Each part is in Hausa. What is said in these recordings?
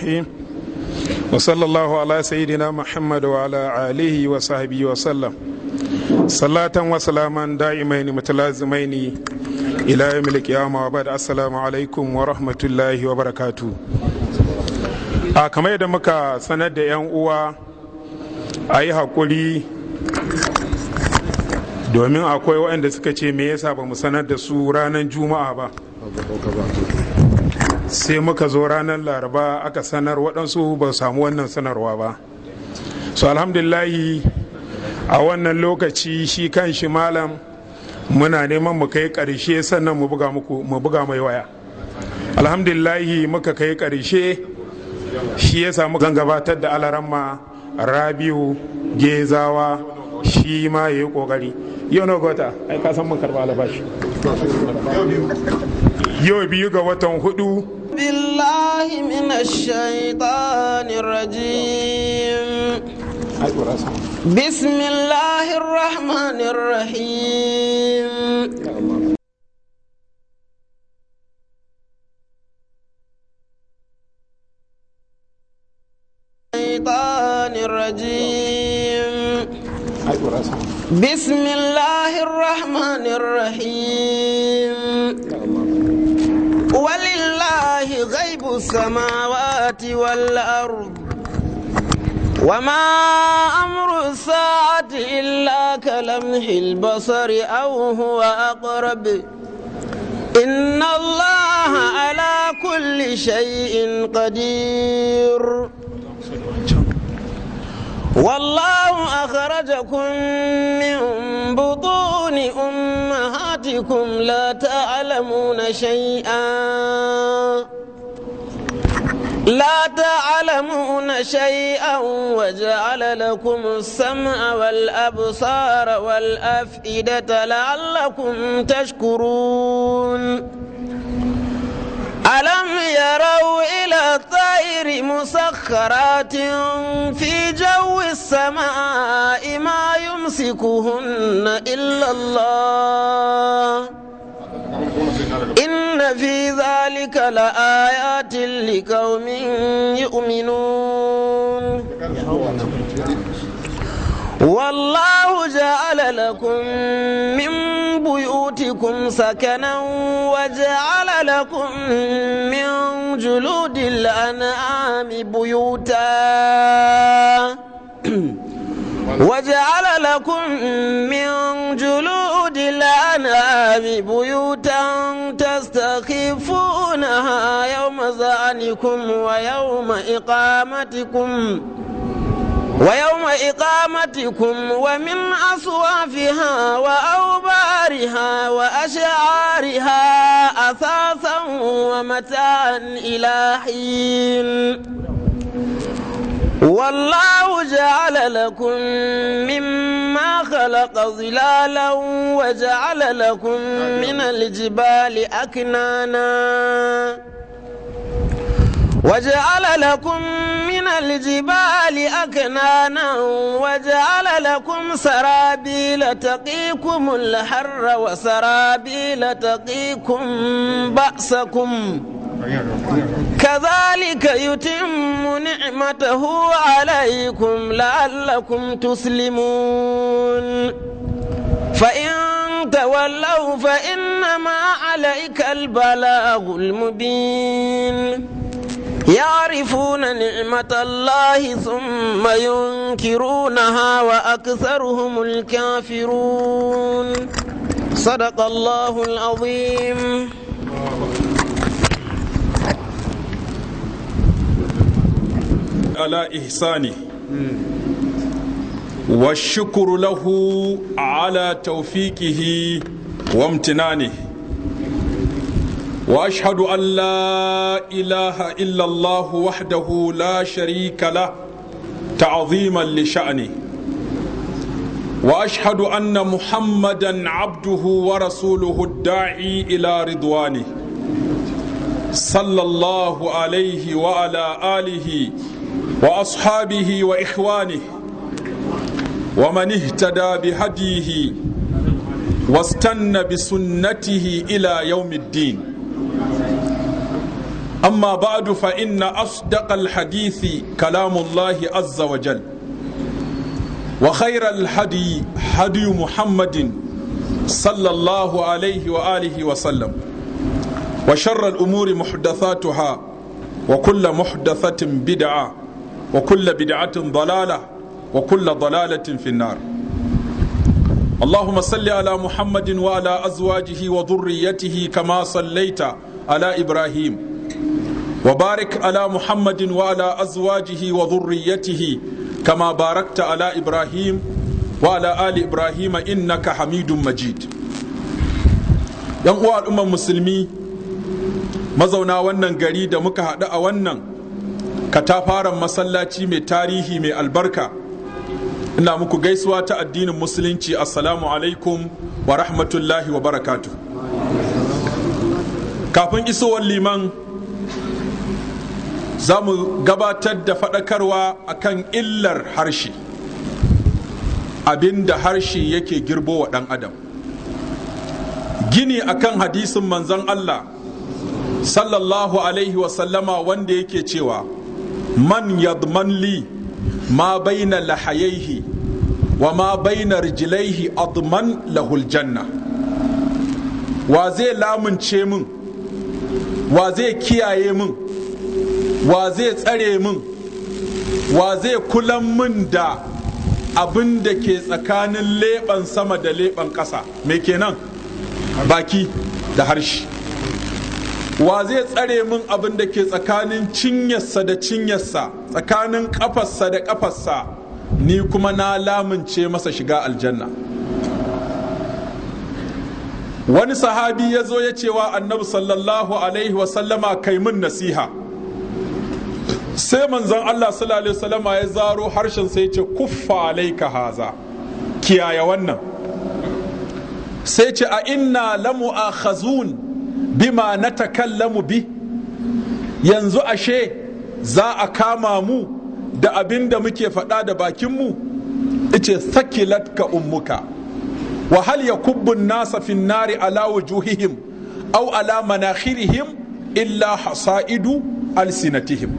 الرحيم وصلى الله على سيدنا محمد وعلى آله وصحبه وسلم صلاة وسلاما دائمين متلازمين إلى يوم القيامة وبعد السلام عليكم ورحمة الله وبركاته كما يدمك yadda muka sanar da 'yan domin akwai waɗanda suka ce me yasa ba mu sanar da su ranar juma'a ba sai muka zo ranar laraba aka sanar waɗansu ba samu wannan sanarwa ba so alhamdulillahi a wannan lokaci shi kan shi malam muna neman mu kai ƙarshe sannan mu buga muku mu buga mai waya alhamdulillahi muka kai ƙarshe shi ya samu zan gabatar da alaramma rabiu gezawa shi ma ya yi ƙoƙari yau na gota ai ka san mun karba albashi yau biyu ga watan hudu بالله من الشيطان الرجيم بسم الله الرحمن الرحيم الشيطان الرجيم بسم الله الرحمن الرحيم غيب السماوات والأرض وما أمر الساعة إلا كلمح البصر أو هو أقرب إن الله على كل شيء قدير والله أخرجكم من بطون أمهاتكم لا تعلمون شيئا لا تعلمون شيئا وجعل لكم السمع والأبصار والأفئدة لعلكم تشكرون ألم يروا إلى الطير مسخرات في جو السماء ما يمسكهن إلا الله في ذلك لآيات لقوم يؤمنون والله جعل لكم من بيوتكم سكنا وجعل لكم من جلود الأنعام بيوتا وجعل لكم من جلود الأنعام بيوتا تستخفونها يوم زعنكم ويوم إقامتكم ويوم إقامتكم ومن أصوافها وأوبارها وأشعارها أثاثا ومتاعا إلى حين والله جعل لكم مما خلق ظلالا وجعل لكم من الجبال أكنانا وجعل لكم من الجبال أكنانا وجعل لكم سرابيل تقيكم الحر وسرابيل تقيكم بأسكم كذلك يتم نعمته عليكم لعلكم تسلمون فإن تولوا فإنما عليك البلاغ المبين يعرفون نعمة الله ثم ينكرونها وأكثرهم الكافرون صدق الله العظيم ala ihsani wa shukuru lahu a ala taufiqihi wamtinani. wa ashhadu an la ilaha illa Allah wahdahu la sharika la ta'ziman li sha'ni wa ashhadu anna muhammadan abduhu wa rasuluhu ad ila ridwani sallallahu alaihi wa ala alihi وأصحابه وإخوانه ومن اهتدى بهديه واستنى بسنته إلى يوم الدين أما بعد فإن أصدق الحديث كلام الله عز وجل وخير الهدي هدي محمد صلى الله عليه وآله وسلم وشر الأمور محدثاتها وكل محدثة بدعة وكل بدعة ضلالة وكل ضلالة في النار اللهم صل على محمد وعلى أزواجه وذريته كما صليت على إبراهيم وبارك على محمد وعلى أزواجه وذريته كما باركت على إبراهيم وعلى آل إبراهيم إنك حميد مجيد ينقوى الأمم المسلمين mazauna wannan gari da muka haɗu a wannan katafaren masallaci mai tarihi mai albarka ina muku gaisuwa ta addinin musulunci assalamu alaikum wa rahmatullahi wa barakatu kafin isowar liman za mu gabatar da faɗakarwa akan illar harshe abinda harshe yake girbo wa ɗan adam gini akan hadisin manzon Allah sallallahu alaihi wasallama wanda yake cewa man yadman li ma baina lahayaihi wa ma baina rijlaihi adman lahul wa zai lamunce min wa zai kiyaye min wa zai tsare min wa zai kulan min da abin da ke tsakanin leɓen sama da leɓen ƙasa me kenan baki da harshe wa zai tsare min abin da ke tsakanin cinyarsa da cinyarsa tsakanin kafarsa da kafarsa ni kuma na lamince masa shiga aljanna wani sahabi ya zo ya cewa annabi sallallahu alaihi wasallama kai min nasiha sai manzon Allah sallallahu alaihi ya zaro harshen sai ya ce kuffa alaika haza kiyaye wannan sai ce a inna lamu a khazun bima na takallamu bi yanzu ashe za a kama mu da abin da muke faɗa da bakinmu ice sakilat ka ummuka wa hal yakubbun nasa fin nari ala wujuhihim aw ala manakhirihim illa hasaidu alsinatihim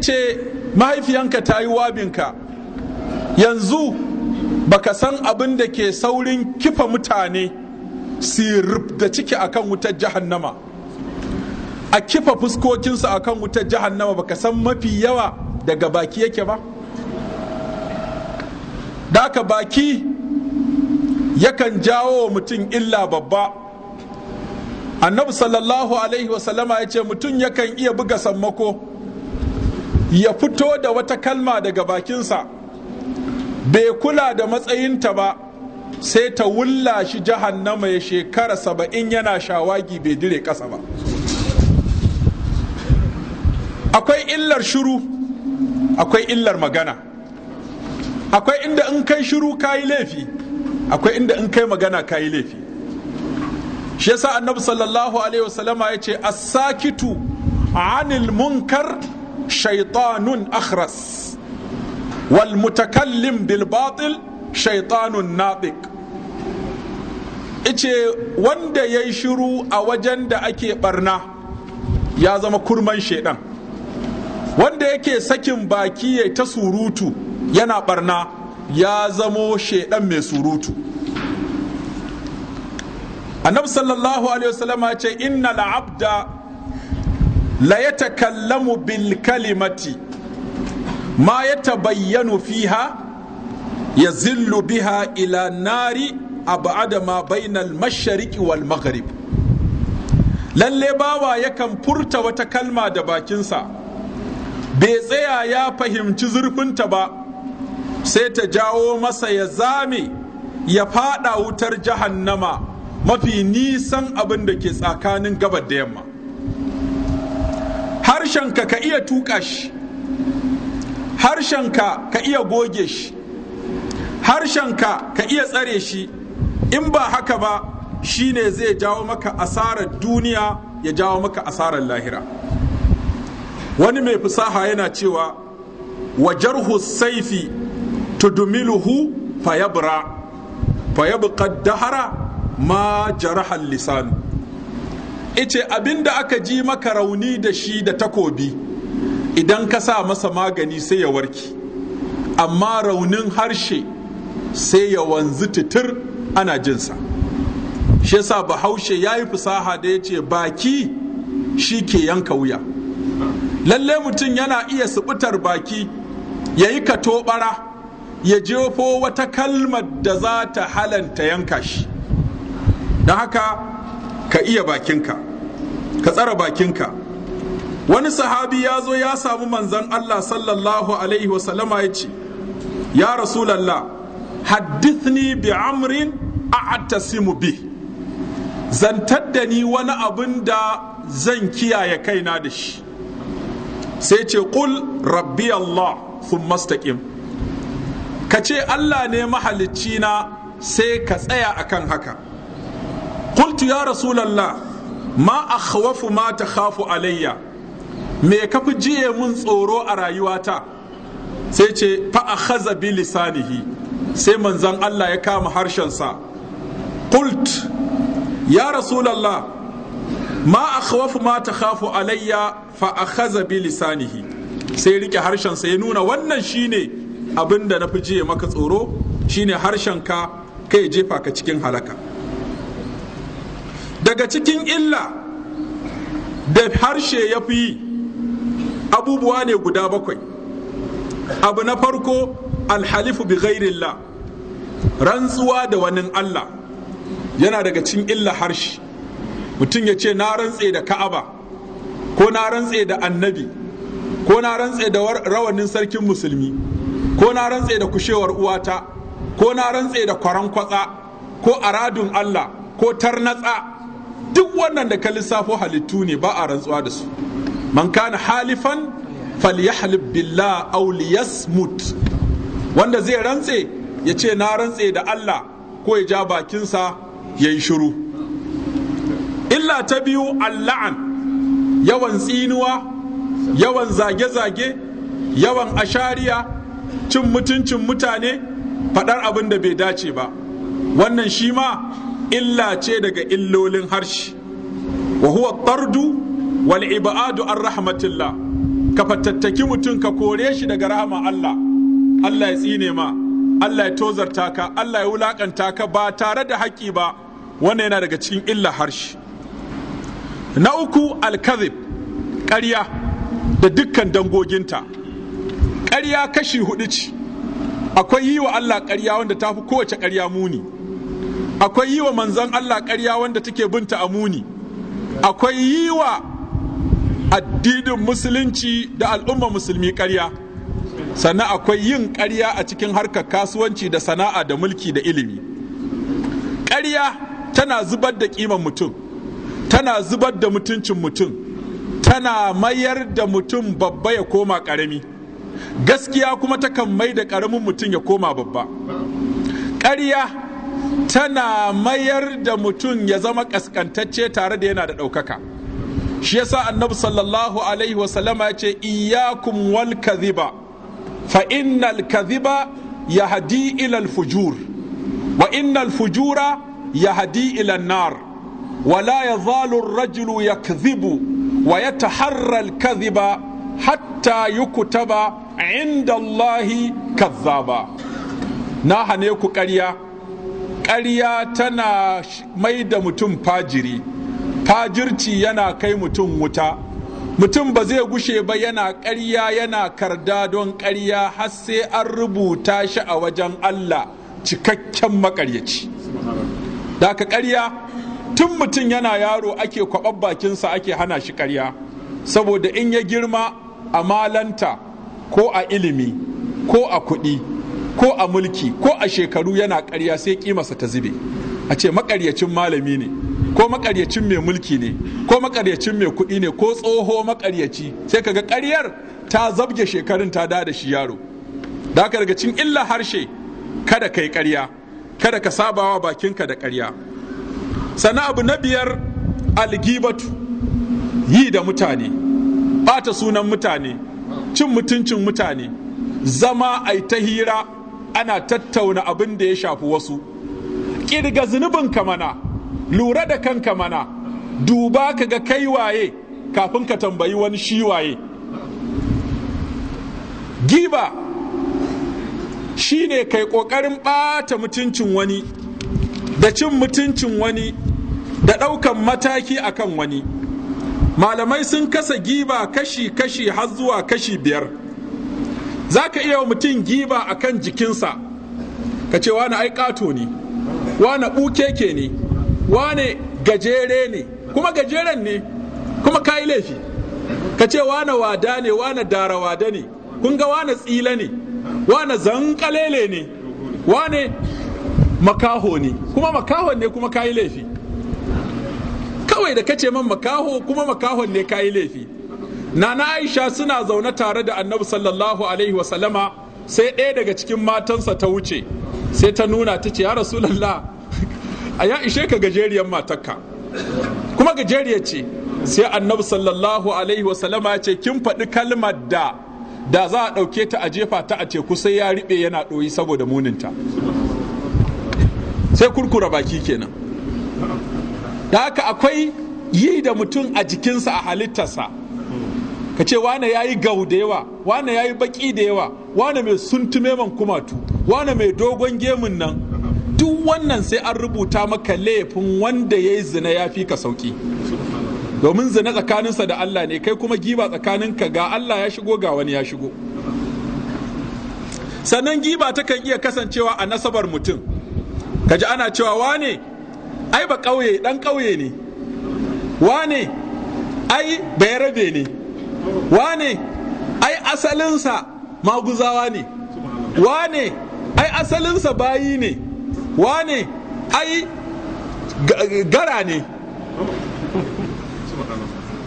ice mahaifiyanka ta yi wabinka yanzu baka san abin da ke saurin kifa mutane sirif da ciki akan wutar jahannama a kifa fuskokinsu akan wutar jahannama baka san mafi yawa daga baki yake ba daka baki yakan jawo mutum illa babba annabi sallallahu alaihi wasallama ya ce mutum yakan iya buga sammako ya fito da wata kalma daga bakinsa bai kula da matsayinta ba sai ta wulla shi jahannama ya shekara saba'in yana shawagi bai dire ƙasa ba akwai illar shiru akwai illar magana akwai inda in kai shiru kayi laifi akwai inda in kai magana kayi laifi shi yasa annabi sallallahu alaihi wasallama ya ce as-sakitu anil munkar shaitanun akhras wal mutakallim bil batil shaitanun natik ice wanda ya yi shiru a wajen da ake barna ya zama kurman shaidan wanda yake sakin baki ya ta surutu yana barna ya zamo shaidan mai surutu annabi sallallahu alaihi ya ce inna la'abda la yatakallamu bil kalimati ma bayyanu fiha ya zillu biha ila nari abada ma bainal mashariki wal maghrib lalle bawa yakan furta wata kalma da bakinsa bai tsaya ya fahimci zurfinta ba sai ta jawo masa ya zame ya fada wutar jahannama mafi nisan abin da ke tsakanin gabar da yamma harshenka ka iya tuka shi harshenka ka iya goge shi harshenka ka iya tsare shi in ba haka ba shi ne zai jawo maka asarar duniya ya jawo maka asarar lahira wani mai fusaha yana cewa Wajar Husaifi, saifi tudmiluhu fayabra fayabqa dahara ma jaraha lisanu ice abinda aka ji maka rauni da shi da takobi idan ka sa masa magani sai ya warke amma raunin harshe sai ya wanzu titir ana jinsa shi yasa bahaushe ya yi fasaha da ya ce baki shi ke yanka wuya lalle mutum yana iya subutar baki ya yi tobara ya jefo wata kalmar da za ta halanta yanka shi don haka ka iya bakinka ka tsara bakinka wani sahabi ya zo ya samu manzan allah sallallahu alaihi wasallama ya ce ya rasulallah haddithni bi amrin a'tasimu bi zantar da ni wani abin da zan kiyaye kaina da shi sai ce qul rabbi allah thumma istaqim ka ce allah ne mahalicci na sai ka tsaya akan haka qultu ya rasulallah ma akhwafu ma takhafu alayya me kafi jiye mun tsoro a rayuwata sai ce fa akhadha bi lisanihi sai manzan Allah ya kama harshensa kult ya rasulallah ma akhwafu ma ta takhafu alayya fa kaza bi lisanihi sai rike harshensa ya nuna wannan shine abinda na fi jiye maka tsoro shine ka kai jefa ka cikin halaka daga cikin illa da harshe ya fi abubuwa ne guda bakwai abu na farko alhalifu bi ghairillah rantsuwa da wani Allah yana daga cin illa harshi mutum ya ce na rantse da ka'aba ko na rantse da annabi ko na rantse da rawanin sarkin musulmi ko na rantse da kushewar uwata ko na rantse da kwaran kwatsa ko aradun Allah ko tarnatsa duk wannan da ka lissafo halittu ne ba a rantsuwa da su man kana halifan falyahlib billah aw liyasmut wanda zai rantse ya ce na rantse da Allah ko ya ja bakinsa ya yi shiru illa ta biyu alla'an yawan tsinuwa yawan zage-zage yawan ashariya cin mutuncin mutane faɗar abin da bai dace ba wannan shi ma illa ce daga illolin harshe wa huwa tardu wal ibadu an rahmatillah ka fatattaki mutum ka kore shi daga rahama Allah Allah ya tsine ma Allah ya tozarta ka Allah ya wulakanta ka ba tare da haƙƙi ba wannan yana daga cikin illa harshe na uku alkazib ƙarya da dukkan dangoginta ƙarya kashi hudu ce akwai yi wa Allah ƙarya wanda ta fi kowace ƙarya muni akwai yi wa manzan Allah ƙarya wanda take binta a muni akwai yi wa addinin musulunci da al'ummar musulmi ƙarya sannan akwai yin ƙarya a cikin harkar kasuwanci da sana'a da mulki da ilimi ƙarya tana zubar da ƙiman mutum tana zubar da mutuncin mutum tana mayar da mutum babba ya koma ƙarami gaskiya kuma takan mai da ƙaramin mutum ya koma babba ƙarya tana mayar da mutum ya zama ƙasƙantacce tare da yana da ɗaukaka shi yasa annabi sallallahu alaihi wasallama ya ce iyakum wal ziba. fa innal kadhiba yahdi ila al-fujur wa innal fujura yahdi ila an-nar wa la yazalu ar-rajulu yakdhibu wa yataharra al-kadhiba hatta yuktaba inda Allahi kadhaba na hane ku ƙarya ƙarya tana mai da mutum fajiri fajirci yana kai mutum wuta mutum ba zai gushe ba yana ƙarya yana karda don ƙarya har sai an rubuta shi a wajen Allah cikakken makaryaci da ka ƙarya tun mutum yana yaro ake kwaɓar bakinsa ake hana shi ƙarya saboda in ya girma a malanta ko a ilimi ko a kuɗi ko a mulki ko a shekaru yana ƙarya sai ƙimarsa ta zube a ce makaryacin malami ne ko makaryacin mai mulki ne ko makaryacin mai kuɗi ne ko tsoho makaryaci sai kaga ƙaryar ta zabge shekarun ta da da shi yaro da ka daga cin illa harshe kada kai ƙarya kada ka sabawa bakinka da ƙarya sannan abu na biyar algibatu yi da mutane ɓata sunan mutane cin mutuncin mutane zama ai ta hira ana tattauna abin da ya shafi wasu ƙirga zunubin mana. lura da kanka mana duba ka ga kai waye kafin ka tambayi wani shi waye giba shine kai ƙoƙarin ɓata mutuncin wani da cin mutuncin wani da ɗaukan mataki akan wani malamai sun kasa giba kashi-kashi har zuwa kashi biyar za ka iya mutum giba akan jikinsa ka ce wani ai ne wani ke ne wane gajere ne kuma gajeren ne kuma kayi laifi ka ce wane wada ne wane dara wada ne kun ga wane tsila ne wane zankalele ne wane makaho ne kuma makaho ne kuma kayi laifi kawai da kace man makaho kuma makahon ne kayi laifi nana aisha suna zaune tare da annabi sallallahu alaihi wasallama sai ɗaya daga cikin matansa ta wuce sai ta nuna ta ce ya rasulallah a ya ishe ka gajeriyar matarka kuma gajeriya ce sai annabi sallallahu alaihi wasallama ya ce kin faɗi kalmar da da za a ɗauke ta a jefa ta a teku sai ya riɓe yana ɗoyi saboda muninta sai kurkura baki kenan da haka akwai yi da mutum a jikinsa a halittarsa ka ce wane ya yi gau da yawa wane ya yi baki da yawa wane mai suntume man kumatu wane mai dogon gemun nan duk wannan sai an rubuta maka laifin wanda ya yi zina ya fi ka sauki domin zina tsakaninsa da Allah ne kai kuma giba tsakaninka ga Allah ya shigo ga wani ya shigo sannan giba ta kan iya kasancewa a nasabar mutum kaji ana cewa wane ai ba ƙauye ɗan ƙauye ne wane ai bayarabe ne wane ai asalinsa maguzawa ne wane ai asalinsa bayi ne wane ai gara ne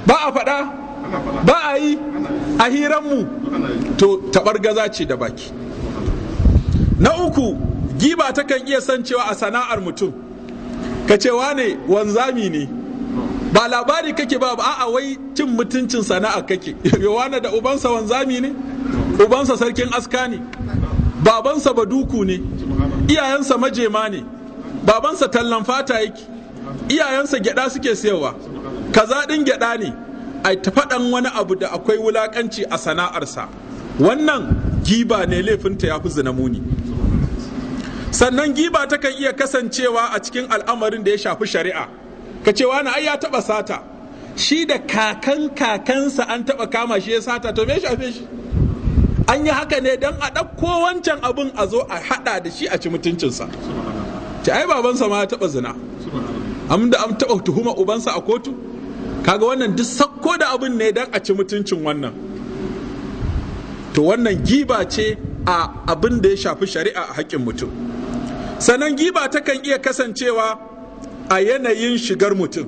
ba a faɗa ba a yi a hiranmu to taɓar gaza ce da baki na uku giba ta kan iya san cewa a sana'ar mutum ka ce wane wanzami ne ba labari kake ba a'a wai cin mutuncin sana'a kake yawana da ubansa wanzami ne ubansa sarkin aska ne babansa duku ne iyayensa majema ne babansa tallan fata yake iyayensa gyada suke siyarwa kaza din gyada ne a ta faɗan wani abu da akwai wulakanci a sana'arsa wannan giba ne laifinta ya fi zina muni sannan giba ta kan iya kasancewa a cikin al'amarin da ya shafi shari'a ka ce wani ai ya taɓa sata shi da kakan kakansa an taɓa kama shi ya sata to me shafe shi an yi haka ne don a ɗauko wancan abin a zo a haɗa da shi a ci mutuncinsa ta ai babansa ma ya taɓa zina Amin da an taɓa tuhuma ubansa a kotu kaga wannan duk sakko da abin ne don a ci mutuncin wannan to wannan giba ce a abin da ya shafi shari'a a haƙƙin mutum sannan giba ta kan iya kasancewa a yanayin shigar mutum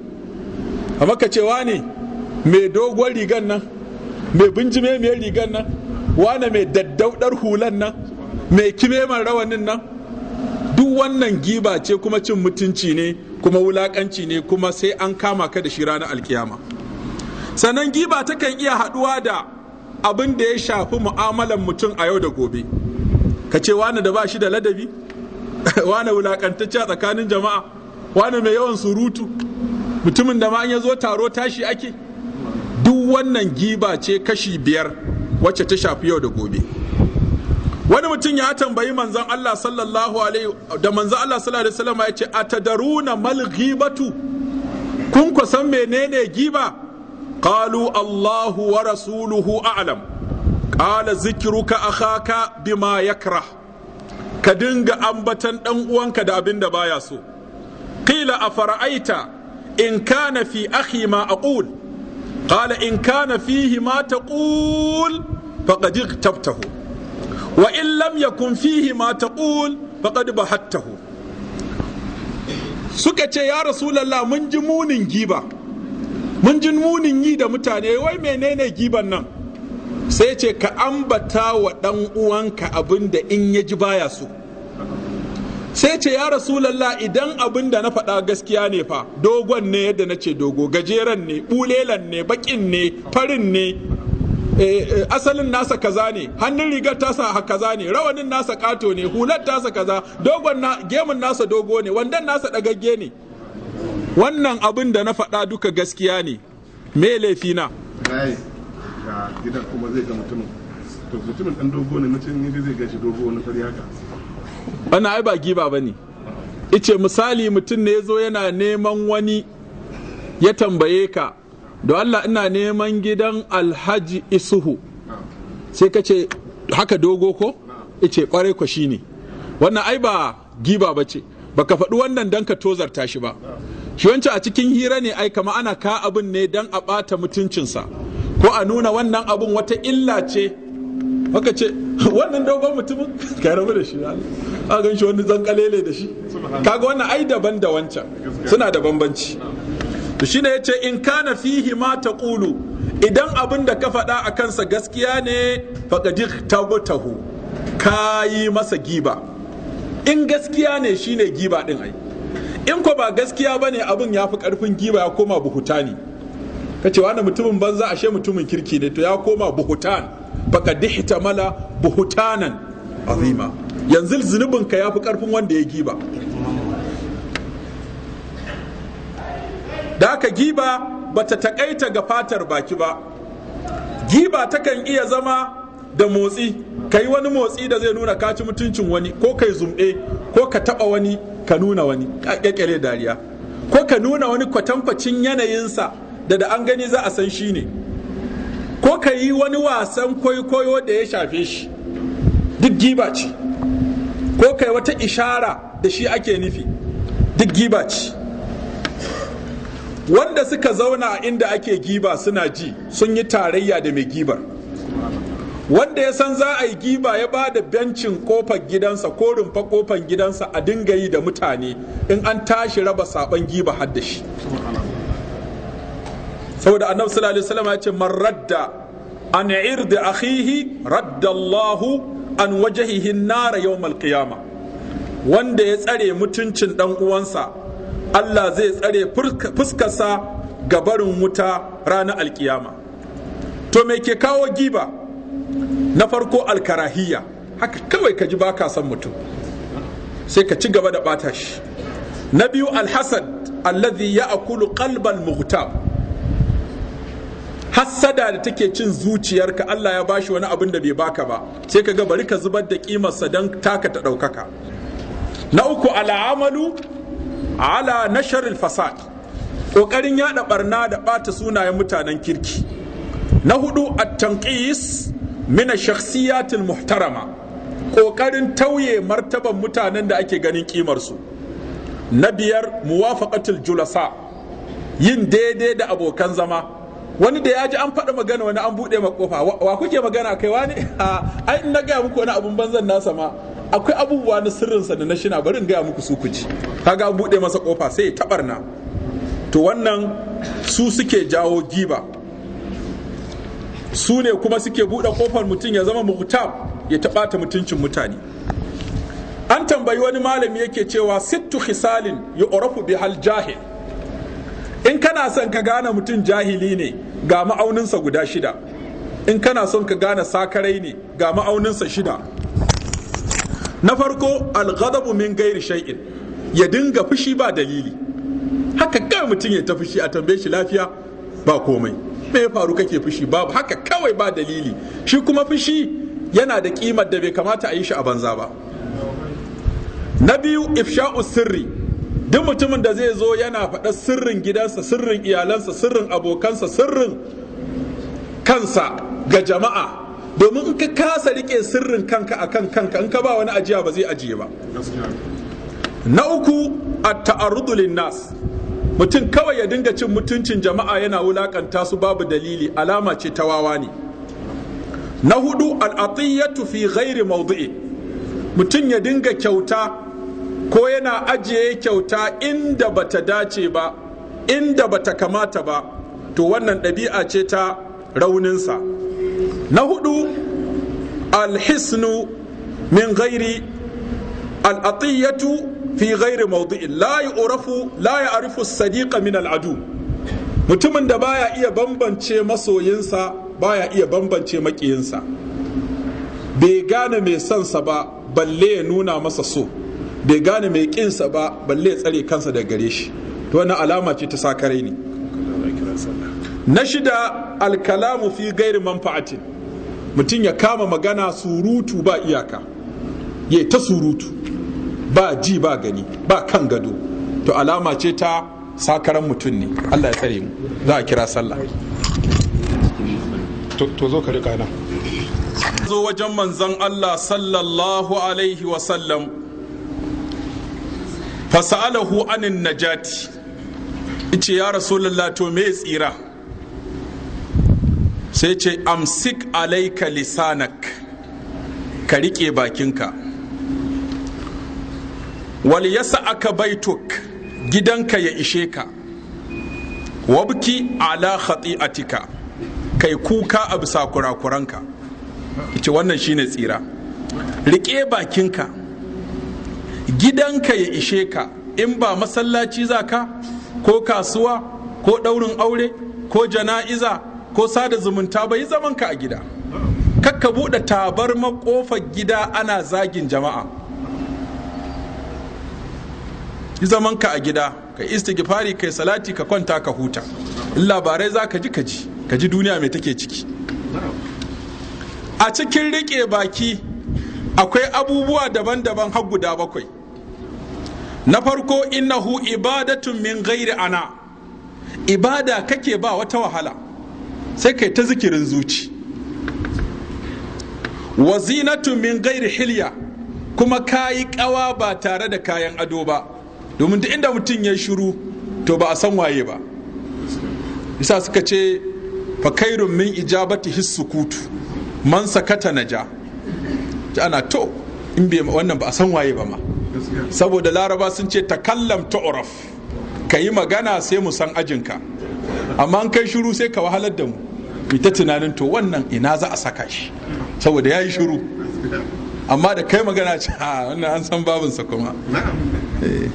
amma ka cewa ne mai doguwar rigan nan mai binjime mai rigan nan wane mai daddaudar hulan nan mai kimeman rawanin nan duk wannan giba ce kuma cin mutunci ne kuma wulakanci ne kuma sai an kama ka da shi ranar alkiyama sannan giba ta kan iya haɗuwa da abin da ya shafi mu'amalan mutum a yau da gobe ka ce wane da ba shi da ladabi wane wulakantacce a tsakanin jama'a wane mai yawan surutu mutumin da ma an ya zo taro tashi ake duk wannan giba ce kashi biyar wacce ta shafi yau da gobe wani mutum ya tambayi manzan Allah sallallahu alaihi da manzan Allah sallallahu alaihi wasallam ya ce atadaruna mal ghibatu kun ku san menene giba qalu Allahu wa rasuluhu a'lam qala zikruka akhaka bima yakrah ka dinga ambatan dan uwanka da abin da baya so qila afara'aita in kana fi akhi ma aqul qala in kana fihi ma taqul faqad ightabtahu wa in lam yakun fihi ma taqul faqad bahattahu suka ce ya rasulullah mun ji munin giba mun ji munin yi da mutane wai menene giban nan sai ce ka ambata wa dan uwanka abin da in ya ji baya so sai ce ya rasulallah idan abin da na faɗa gaskiya ne fa dogon ne yadda na ce dogo gajeren ne bulelan ne bakin ne farin ne eh, eh, asalin nasa kaza ne hannun rigar tasa kaza ne rawanin nasa kato ne hular tasa kaza dogon na gemun nasa dogo ne wandan nasa ɗagagge ne wannan abin da na faɗa duka gaskiya ne me laifi na kuma zai ga mutumin to mutumin dan dogo ne mutum ne zai ga dogo wani fari wannan ai ba giba ba ne ice misali mutum ne ya zo yana neman wani ya tambaye ka da Allah ina neman gidan alhaji isuhu sai ka ce haka dogo ko ice kwarai ko ne wannan ai ba giba ba ce ba ka faɗi wannan dan ka tozarta shi ba shi wancan a cikin hira ne ai kama ana ka abin ne don a ɓata mutuncinsa ko a nuna wannan abin wata illa ce haka ce wannan dogon mutumin ka rabu da shi a gan shi wani zankalele da shi kaga wannan ai daban da wancan suna da bambanci to shine yace in kana fihi ma taqulu idan abin da ka faɗa a kansa gaskiya ne faqad ka kayi masa giba in gaskiya ne shine giba din ai in ko ba gaskiya bane abin ya fi karfin giba ya koma buhutani kace wani mutumin banza ashe mutumin kirki ne to ya koma buhutan faqad mala buhutanan azima yanzu zunubin ka fi ƙarfin wanda ya giba da aka giba bata taƙaita ga fatar baki ba giba ta kan iya zama da motsi ka yi wani motsi da zai nuna kaci mutuncin wani ko kai zumbe ko ka taɓa wani ka nuna wani kyakkyare dariya ko ka nuna wani kwatankwacin yanayinsa da da an gani za a san shi ne ko ka yi wani wasan kwaikwayo da ya shafe shi duk giba ce ko kai wata ishara da shi ake nufi duk giba ce wanda suka zauna a inda ake giba suna ji sun yi tarayya da mai gibar wanda ya san za a yi giba ya ba da bencin kofar gidansa ko rumfa kofar gidansa a dinga yi da mutane in an tashi raba saban giba har da shi saboda annabi sallallahu alaihi wasallam ya ce man radda an irdi akhihi radda Allahu an wajhihi nara yawmal qiyama wanda ya tsare mutuncin dan uwansa Allah zai tsare fuskarsa ga barin wuta ranar alkiyama to me ke kawo giba na farko alkarahiyya haka kawai ka ji ba son mutum sai ka ci gaba da bata shi na biyu alhasad alladhi ya akulu qalbal muhtab hassada da take cin zuciyarka Allah ya bashi wani abin da bai baka ba sai ka ga bari ka zubar da kimarsa don taka ta ɗaukaka na uku al'amalu ala nasharil fasad ƙoƙarin yaɗa ɓarna da ɓata sunayen mutanen kirki na hudu a tanqis min shakhsiyatil muhtarama ƙoƙarin tauye martaban mutanen da ake ganin ƙimarsu na biyar muwafaqatul julasa yin daidai da abokan zama wani da ya ji an faɗa magana wani an buɗe makofa wa kuke magana kai wani ai na gaya muku wani abun banzan nasa ma akwai abubuwa na sirrinsa da na shina bari in gaya muku su ku kaga an buɗe masa kofa sai ya tabarna to wannan su suke jawo giba su ne kuma suke buɗe kofar mutum ya zama muhtab ya taɓata mutuncin mutane an tambayi wani malami yake cewa sittu khisalin yu'rafu bihal jahil in kana son ka gane mutum jahili ne ga ma'auninsa guda shida in kana son ka gane sakarai ne ga ma'auninsa shida na farko alghadabu min gairi shay'in ya dinga fushi ba dalili haka kawai mutum ya ta fushi a tambaye shi lafiya ba komai me ya faru kake fushi babu haka kawai ba dalili shi kuma fushi yana da kimar da bai kamata a yi shi a banza ba na biyu ifsha'u sirri duk mutumin da zai zo yana faɗa sirrin gidansa sirrin iyalansa sirrin abokansa sirrin kansa ga jama'a domin in ka kasa rike sirrin kanka a kan kanka in ka ba wani ajiya ba zai ajiye ba na uku a ta'arudulin nas mutum kawai ya dinga cin mutuncin jama'a yana wulakanta su babu dalili alama ce ta wawa ne na hudu al'atiyyatu fi ghairi mawdu'i mutum ya dinga kyauta ko yana ajiye kyauta inda bata dace ba inda bata kamata ba to wannan ɗabi'a ce ta rauninsa na hudu alhisnu min gairi al'atiyyatu fi gairi maudu'in la orafu la arifu sadiqa min al'adu mutumin da baya iya bambance masoyinsa baya iya bambance maƙiyinsa. bai gane mai sansa ba balle ya nuna masa so bai gane mai kinsa ba balle ya tsare kansa da gare shi to wannan alama ce ta sakare ne na shida alkalamu fi gairi manfa'atin mutum ya kama magana surutu ba iyaka ya ta surutu ba ji ba gani ba kan gado to alama ce ta sakaran mutum ne allah ya tsare mu za a kira sallah to zo ka rika nan zo wajen manzan allah sallallahu alaihi wasallam fasa'alahu anin najati ice ya rasulullah to me tsira sai ce amsik alaika lisanak ka riƙe bakinka wal yasa aka baituk gidanka ya ishe ka wabki ala khati'atika kai kuka a bisa kurakuranka ce wannan shine tsira riƙe bakinka gidanka ya ishe ka in ba masallaci za ka ko kasuwa ko ɗaurin aure ko jana'iza ko sada zumunta ba yi zamanka a gida kakka buɗe tabar makofar gida ana zagin jama'a yi zamanka a gida ka istighfari kai salati ka kwanta ka huta in labarai za ka ji ka ji ka ji duniya mai take ciki a cikin riƙe baki akwai abubuwa daban-daban har guda bakwai na farko innahu ibadatun min ghairi ana ibada kake ba wata wahala sai kai ta zikirin zuci wazinatun min ghairi hilya kuma ka yi kawa ba tare da kayan ado ba domin duk inda mutum ya shiru to ba a san waye ba isa suka ce fakairun min ijabati hissukutu man sakata naja ana to in bai wannan ba a san waye ba ma saboda laraba sun ce takallam ta'uraf ka yi magana sai mu san ajinka amma an kai shiru sai ka wahalar da mu mu ta tunanin to wannan ina za a saka shi saboda ya yi shiru amma da kai magana ce a wannan an san babinsa kuma eh.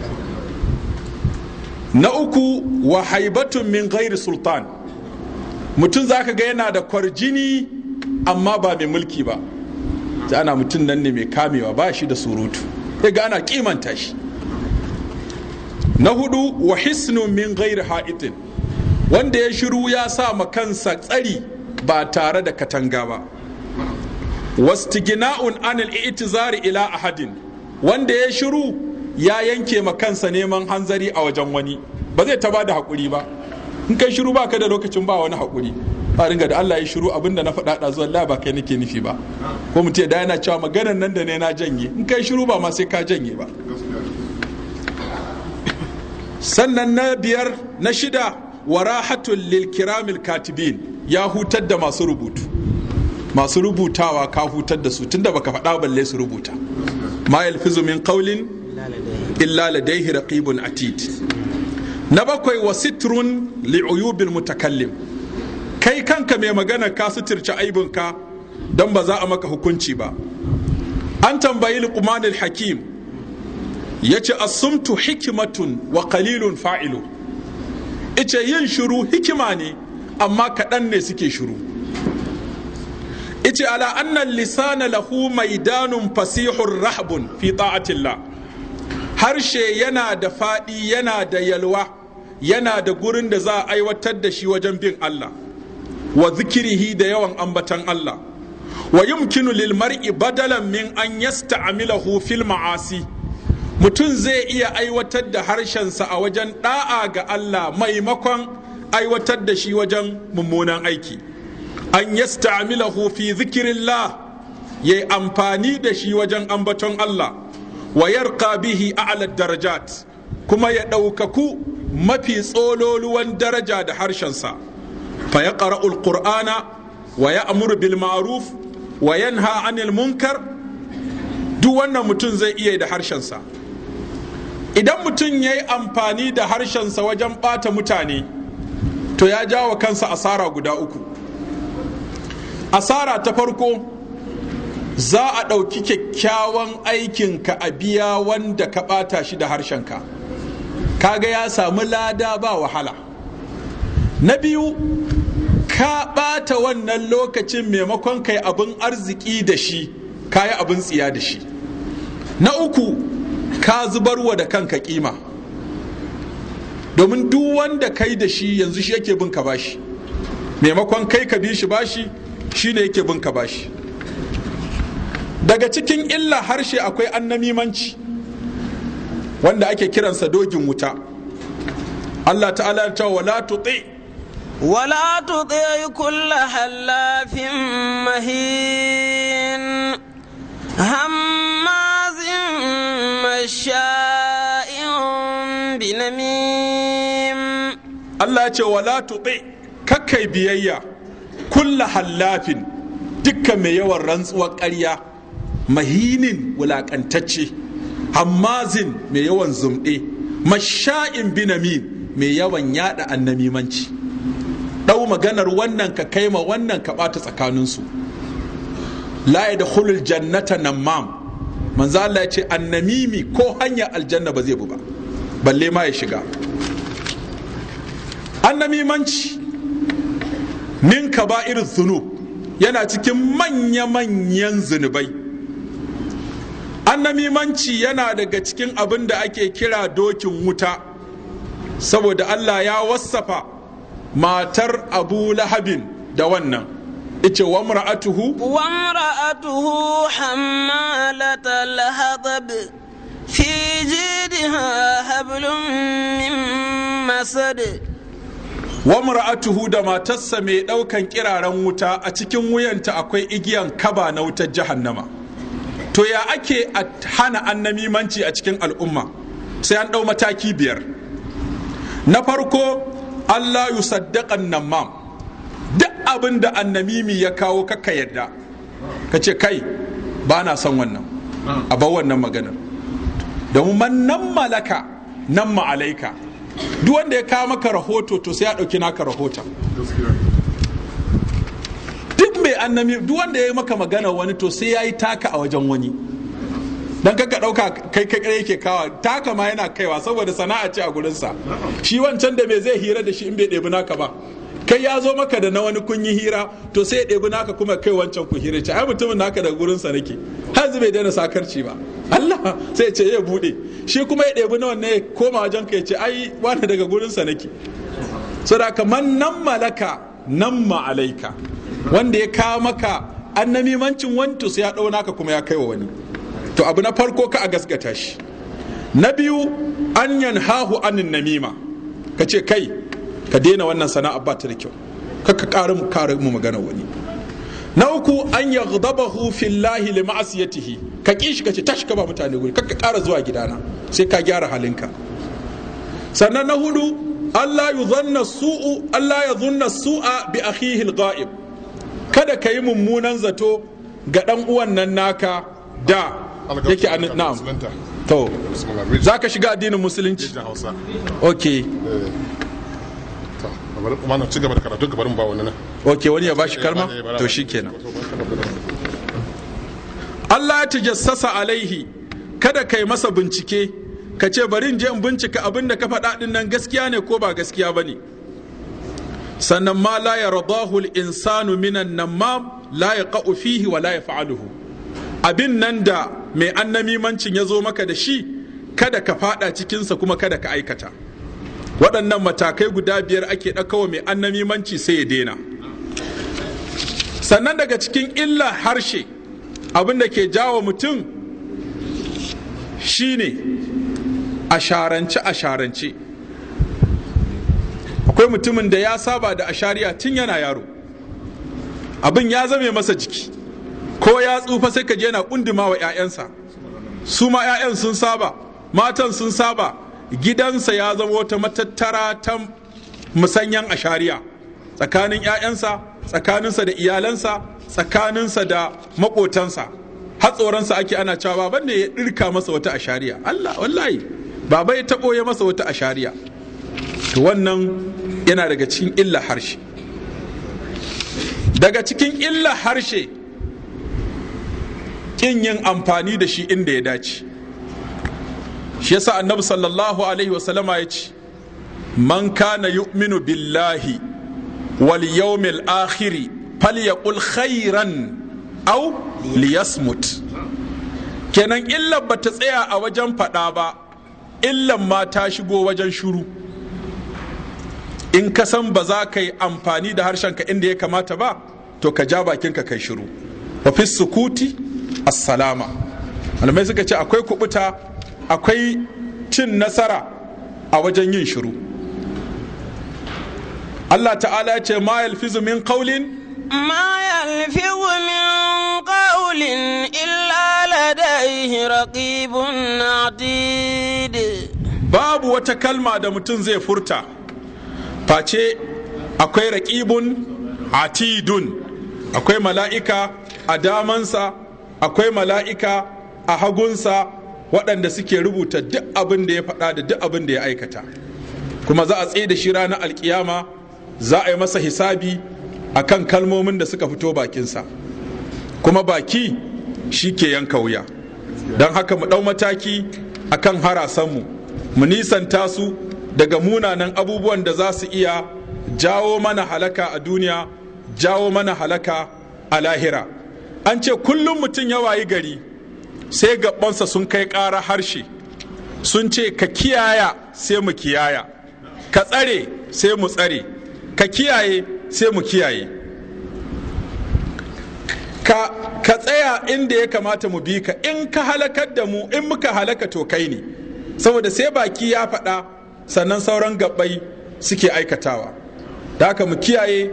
na uku wa haibatun min gairi sultan mutum za ka ga yana da kwarjini amma ba mai mulki ba sai ana mutum nan ne mai kamewa ba shi da surutu ya ga ana kimanta shi na hudu wa hisnu min ghairi ha'itin wanda ya shiru ya sa ma kansa tsari ba tare da katanga ba wastigina'un anil i'tizari ila a hadin, wanda ya shiru ya yanke ma kansa neman hanzari a wajen wani ba zai taba da haƙuri ba in kai shiru baka da lokacin ba wani haƙuri a ringa da Allah ya shiru abinda na faɗa zuwa Allah ba kai nake nufi ba ko mutum da yana cewa maganar nan da ne na janye in kai shiru ba ma sai ka janye ba sannan na biyar na shida warahatul lil kiramil katibin ya hutar da masu rubutu masu rubutawa ka hutar da su tunda baka faɗa balle su rubuta ma yalfizu min qaulin illa ladayhi raqibun atid na bakwai wa li'uyubil mutakallim kai kanka mai magana ka suturce aibinka don ba za a maka hukunci ba an tambayi luqmanul hakim yace asumtu hikimatun wa qalilun fa'ilu ice yin shiru hikima ne amma kaɗan ne suke shiru ice ala annan lisana lahu maidanun fasihun rahbun fi ta'atillah harshe yana da faɗi yana da yalwa yana da gurin da za a aiwatar da shi wajen bin Allah wa zikirihi da yawan ambatan Allah wa yumkinu lil lilmar ibadalan min an amila hufin ma'asi mutum zai iya aiwatar da harshensa a wajen ɗa'a ga Allah maimakon aiwatar da shi wajen mummunan aiki an yasta'milahu fi ya yayi amfani da shi wajen ambaton Allah wa kabihi a a'la darajat kuma ya ɗaukaku mafi tsololuwan daraja da harshensa fa ya ƙara'ul ƙur'ana wa ya amuru bil wa yanha anil munkar duk wannan mutum zai iya da harshensa idan mutum ya yi amfani da harshensa wajen ɓata mutane to ya jawo kansa asara guda uku asara ta farko za a ɗauki kyakkyawan aikinka a biya wanda ka ɓata shi da harshenka kaga ya samu lada ba wahala na biyu ka ɓata wannan lokacin maimakon kai abin arziki da shi ka yi abin tsiya da shi na uku ka zubarwa da kanka kima domin duk wanda kai da shi yanzu shi yake bin ka bashi maimakon kai ka bi shi bashi shi ne yake bin ka bashi daga cikin illa harshe akwai annamimanci wanda ake kiransa dogin wuta Allah ta'ala ya wala tuti ولا تطع كل حلاف مهين هماز مشاء بنميم الله ce wala tuɗi kakkai biyayya kulla hallafin duka mai yawan rantsuwar ƙarya mahinin wulaƙantacce hammazin mai yawan zumɗe masha'in binamin mai yawan yada annamimanci dau maganar wannan ka kai ma wannan ka bata tsakaninsu la ya da jannata manzo Allah ya ce annamimi ko hanya aljanna ba zai bu ba balle ma ya shiga annamimanci min kaba'ir zunub yana cikin manya-manyan zunubai annamimanci yana daga cikin abin da ake kira dokin wuta saboda Allah ya wassafa matar abu lahabin da wannan ita wa mra'atuhu wa mra'atuhu hammalatal hadab fi jidha hablum min masad wa mra'atuhu da matarsa mai daukan kiraren wuta a cikin wuyanta akwai igiyan kaba na wutar jahannama to ya ake a hana manci a cikin al'umma sai an dau mataki biyar na farko Allah yi saddakan nan mam duk abin da annamimi ya kawo kakka yadda ka ce kai ba na son wannan a bar wannan maganar domin man nan malaka nan ma'alaika duk wanda ya kawo maka rahoto to sai ya ɗauki naka rahoton duk mai annami duk wanda ya yi maka magana wani to sai ya yi taka a wajen wani dan kaka dauka kai kai yake kawa taka ma yana kaiwa saboda sana'a ce a gurinsa shi wancan da me zai hira da shi in bai ɗebi naka ba kai ya zo maka da na wani kun yi hira to sai ya naka kuma kai wancan ku hira ce ai mutumin naka daga gurinsa nake har zai bai daina sakarci ba Allah sai ya ce ya buɗe shi kuma ya ɗebi na wannan ya koma wajen ka ya ce ai wani daga sa nake saboda kamar nan malaka nan ma alaika wanda ya kawo maka annamimancin wantus ya ɗau kuma ya kaiwa wani to abu na farko ka a gaskata shi na biyu an yanhahu anin namima ka ce kai ka daina wannan sana'a ba ta da kyau ka ƙara mu mu magana wani na uku an yaghdabahu fillahi li ma'asiyatihi ka ƙi shi ce tashi ka ba mutane guri ka ƙara zuwa gidana sai ka gyara halinka sannan na hudu Allah zanna su'u Allah zanna su'a bi akhihi al-ghaib kada ka yi mummunan zato ga ɗan uwan nan naka da yake a na'am to za ka shiga addinin musulunci ok eh, mana ci gaba ba wani ok wani ya bashi eh, kalma to shi kenan Allah ya tijassasa alaihi kada kai masa bincike ka ce barin je in bincika abinda da ka faɗa ɗin nan gaskiya ne ko ba gaskiya ba ne sannan ma la ya radahul insanu minan nan ma la ya fihi wa la ya fa'aluhu abin nan da mai annamimancin ya zo maka da shi kada ka fada cikinsa kuma kada ka aikata waɗannan matakai guda biyar ake ɗaukawa mai annamimanci sai ya daina sannan daga cikin illa harshe abin da ke jawo mutum shine asharance-asharance akwai mutumin da ya saba da ashariya tun yana yaro abin ya zame masa jiki ko ya tsufa sai ka je yana kunduma wa 'ya'yansa su ma 'ya'yan sun saba matan sun saba gidansa ya zama wata matattara ta musanyan ashariya tsakanin 'ya'yansa tsakaninsa da iyalansa tsakaninsa da maƙotansa har tsoronsa ake ana cewa baban ne ya ɗirka masa wata ashariya Allah wallahi baba ya taɓo ya masa wata ashariya to wannan yana daga cikin illa harshe daga cikin illa harshe kin yin amfani da shi inda ya dace shi yasa annabi sallallahu alaihi wasallama ya ce man kana yu'minu billahi wal yawmil akhiri falyaqul khairan aw liyasmut kenan illan ba ta tsaya a wajen faɗa ba illan ma ta shigo wajen shuru in ka san ba za ka yi amfani da harshenka inda ya kamata ba to ka ja bakinka kai shiru wa fi sukuti assalama malamai suka ce akwai kubuta akwai cin nasara a wajen yin shiru Allah ta'ala ya ce ma yalfizu min qaulin ma yalfizu min qaulin illa ladaihi raqibun nadid babu wata kalma da mutum zai furta face akwai raqibun atidun akwai mala'ika a damansa akwai mala'ika a hagunsa waɗanda suke rubuta duk abin da ya faɗa da duk abin da ya aikata kuma za a tsaye da shi ranar alƙiyama, za a yi masa hisabi a kan kalmomin da suka fito bakinsa kuma baki shi ke yanka wuya don haka mu ɗau mataki a kan harasanmu mu nisanta su daga munanan abubuwan da za su iya jawo mana halaka a duniya jawo mana halaka a lahira an ce kullum mutum ya wayi gari sai gabansa sun kai ƙara harshe sun ce ka kiyaya sai mu kiyaya ka tsare sai mu tsare ka kiyaye sai mu kiyaye ka, tsaya inda ya kamata mu bi ka in ka halakar da mu in muka halaka to kai ne saboda sai baki ya faɗa sannan sauran gabai suke aikatawa da haka mu kiyaye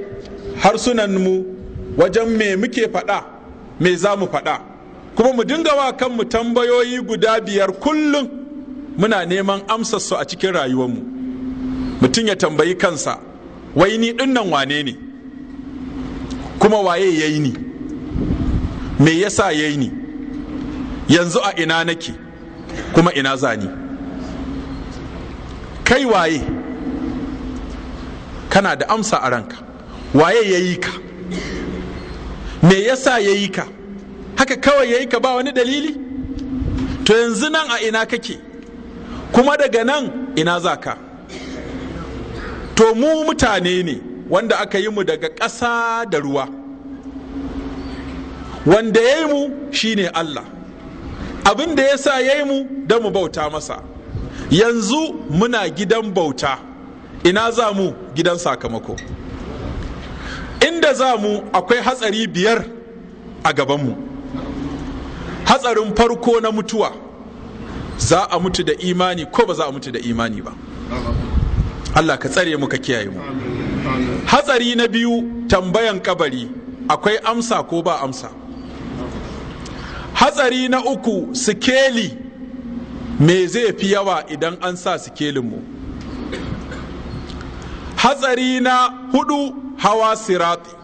harsunanmu wajen me muke faɗa me za mu faɗa kuma mu dinga wa kanmu tambayoyi guda biyar kullum muna neman su a cikin rayuwarmu mutum ya tambayi kansa wai ni ɗinnan wane ne kuma waye ya yi ni me sa ya yi ni yanzu a ina nake kuma ina zani kai waye kana da amsa a ranka waye ya yi ka me yasa ya yi ka haka kawai ya yi ka ba wani dalili to yanzu nan a ina kake kuma daga nan ina za ka to mu mutane ne wanda aka yi mu daga ƙasa da ruwa wanda ya yi mu shine Allah abin da ya sa ya yi mu don mu bauta masa yanzu muna gidan bauta ina za mu gidan sakamako inda za mu akwai hatsari biyar a gabanmu hatsarin farko na mutuwa za a mutu da imani ko ba za a mutu da imani ba Allah ka tsare mu ka kiyaye mu hatsari na biyu tambayan kabari akwai amsa ko ba amsa hatsari na uku sikeli me zai fi yawa idan an sa sikelinmu hatsari na hudu hawa sirati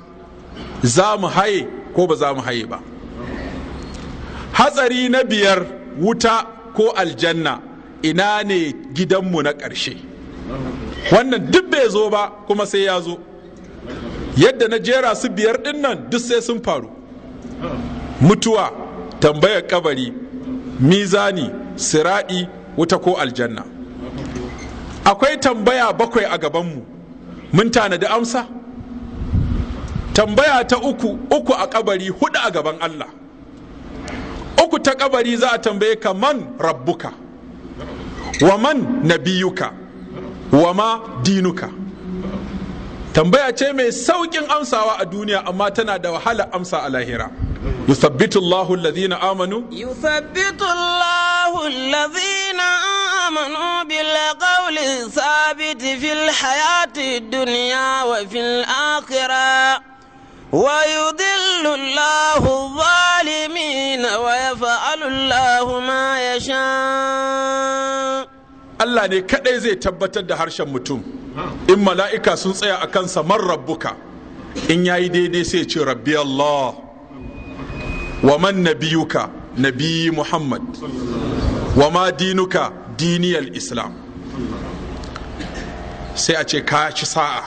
za mu haye ko ba za mu haye ba hatsari na biyar wuta ko aljanna ina ne gidanmu na ƙarshe wannan duk bai zo ba kuma sai ya zo yadda na jera su biyar din nan duk sai sun faru mutuwa tambayar kabari mizani siradi, wuta ko aljanna akwai tambaya bakwai a gabanmu mun tanadi amsa tambaya ta uku uku a kabari hudu a gaban Allah uku ta kabari za a tambaye ka man rabbuka wa man nabiyuka wa ma dinuka tambaya ce mai saukin amsawa a duniya amma tana da wahala amsa a lahira يثبت الله الذين آمنوا يثبت Amanu الذين آمنوا بالقول الثابت hayati الحياة wa وفي الآخرة ويضل الله الظالمين ويفعل الله ما يشاء Allah ne kadai zai tabbatar da harshen mutum in mala'ika sun tsaya a kansa man rabbuka in yayi daidai sai ce rabbi Allah wa man nabiyuka nabi Muhammad wa ma dinuka diniyal Islam sai a ce ka ci sa'a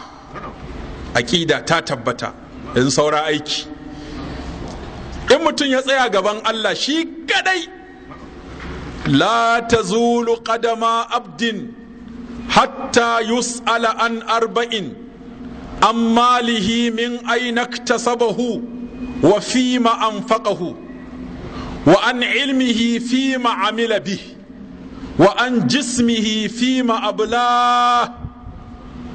aƙida ta tabbata in saura aiki in mutum ya tsaya gaban Allah shi kadai la ta zulu kadama abdin hatta yus'ala an arba'in an malihi min ainakta sabahu wa fima anfaqahu wa an ilmihi fima amila bihi wa an jismihi fima abla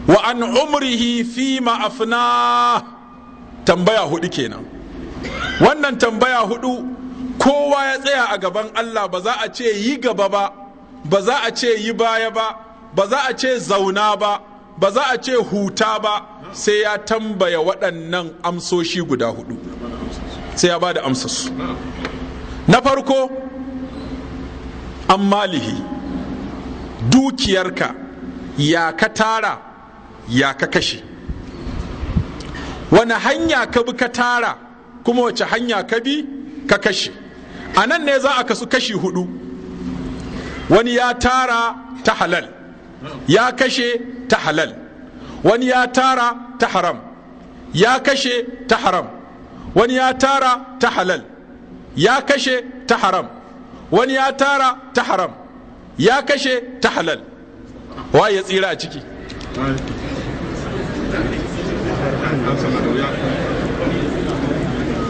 wa an umrihi fima afnah tambaya hudu kenan wannan tambaya hudu kowa ya tsaya a gaban Allah ba za a ce yi gaba ba ba za a ce yi baya ba ba za a ce zauna ba ba za a ce huta ba sai ya tambaya waɗannan amsoshi guda hudu sai ya ba da amsasu na farko an malihi dukiyarka ya ka tara ya ka kashe wani hanya ka bi ka tara kuma wace hanya ka bi ka kashe a nan ne za a kasu kashi hudu wani ya tara ta halal ya kashe ta halal wani ya tara ta haram ya kashe ta haram wani ya tara ta halal ya kashe ta haram wani ya tara ta haram ya kashe ta halal wa ya tsira a ciki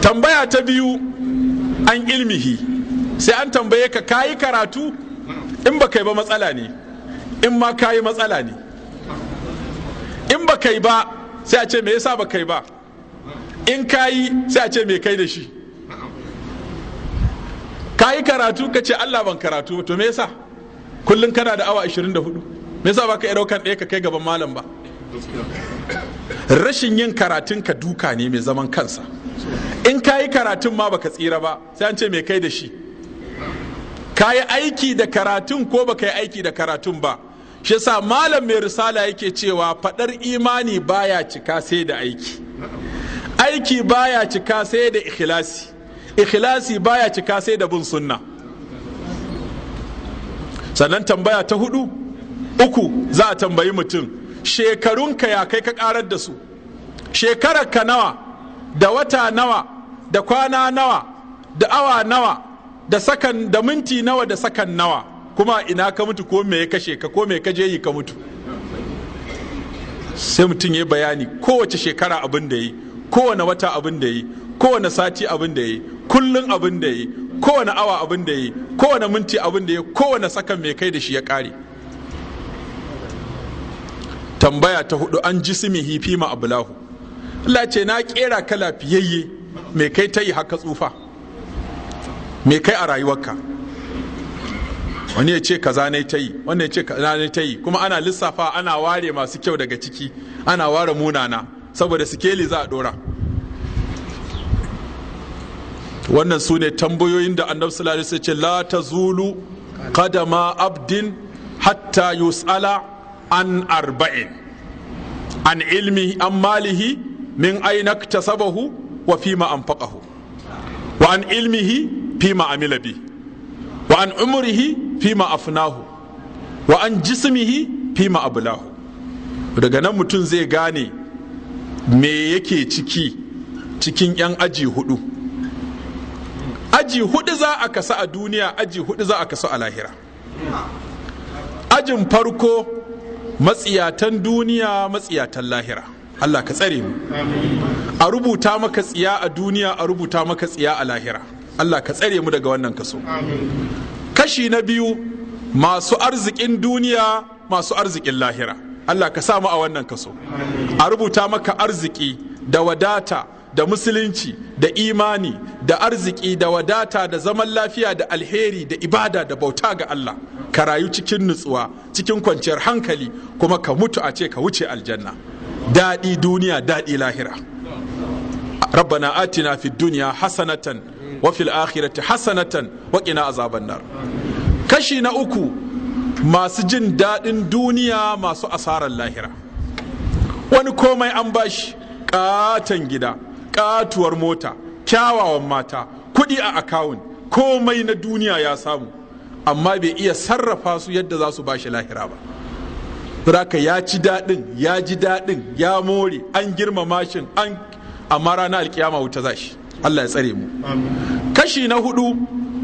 tambaya ta biyu an ilmihi sai an tambaye ka kayi karatu in ba kai ba matsala ne in ma kayi matsala ne in ba kai ba sai a ce me yasa ba kai ba in kayi sai a ce me kai da shi kayi karatu ka ce Allah ban karatu to me yasa kullun kana da awa 24 me yasa baka yi daukan ɗaya ka kai gaban malam ba rashin yin karatun ka duka ne mai zaman kansa in ka yi karatun ma baka tsira ba sai an ce mai kai da shi ka yi aiki da karatun ko baka yi aiki da karatun ba shi sa malam mai risala yake cewa fadar imani baya cika sai da aiki aiki baya cika sai da ikhlasi ikhlasi baya cika sai da bin sunna sannan tambaya ta hudu uku za a tambayi mutum shekarunka ya kai ka karar da su shekararka nawa da wata nawa da kwana nawa da awa nawa da sakan da minti nawa da sakan nawa kuma ina ka mutu ko me ya kashe ka ko me ka je yi ka mutu sai mutum ya bayani kowace shekara abin da yi kowane wata abin da yi kowane sati abin da yi kullum abin da yi kowane awa abin da yi kowane minti abin da yi kowane sakan mai kai da shi ya kare tambaya ta hudu an ji jismihi fi ma Abulahu. Allah ce na kera ka lafiyayye me kai ta yi haka tsufa me kai a rayuwarka wani ya ce ka ne ta yi wani ya ce ka ne ta yi kuma ana lissafa ana ware masu kyau daga ciki ana ware munana saboda sikeli za a dora wannan su ne tambayoyin da annabi sallallahu alaihi wasallam ce la tazulu qadama abdin hatta yus'ala an arba'in an ilmi an malihi min aina tasabahu wa fima anfaqahu wa an ilmihi fima amila bi wa an umrihi fima afnahu wa an jismihi fima ablahu daga nan mutum zai gane me yake ciki cikin 'yan aji hudu aji hudu za a kasa a duniya aji hudu za a kasa a lahira ajin farko matsiyatan duniya matsiyatan lahira Allah ka tsare mu a rubuta maka tsiya a duniya a rubuta maka tsiya a lahira Allah ka tsare mu daga wannan kaso kashi na biyu masu arzikin duniya masu arzikin lahira Allah ka samu a wannan kaso a rubuta maka arziki da wadata da musulunci da imani da arziki da wadata da zaman lafiya da alheri da ibada da bauta ga Allah ka rayu cikin nutsuwa cikin kwanciyar hankali kuma ka mutu a ce ka wuce aljanna daɗi duniya daɗi lahira rabbana atina fid duniya hasanatan wa fil akhirati hasanatan wa qina azaban nar kashi na uku masu jin daɗin duniya masu asarar lahira wani komai an bashi katan gida katuwar mota kyawawan mata kuɗi a akawun komai na duniya ya samu amma bai iya sarrafa su yadda za su bashi lahira ba Raka ya ci daɗin ya ji daɗin ya more an girmama shi an amma rana alkiyama wuta za shi Allah ya tsare mu kashi na hudu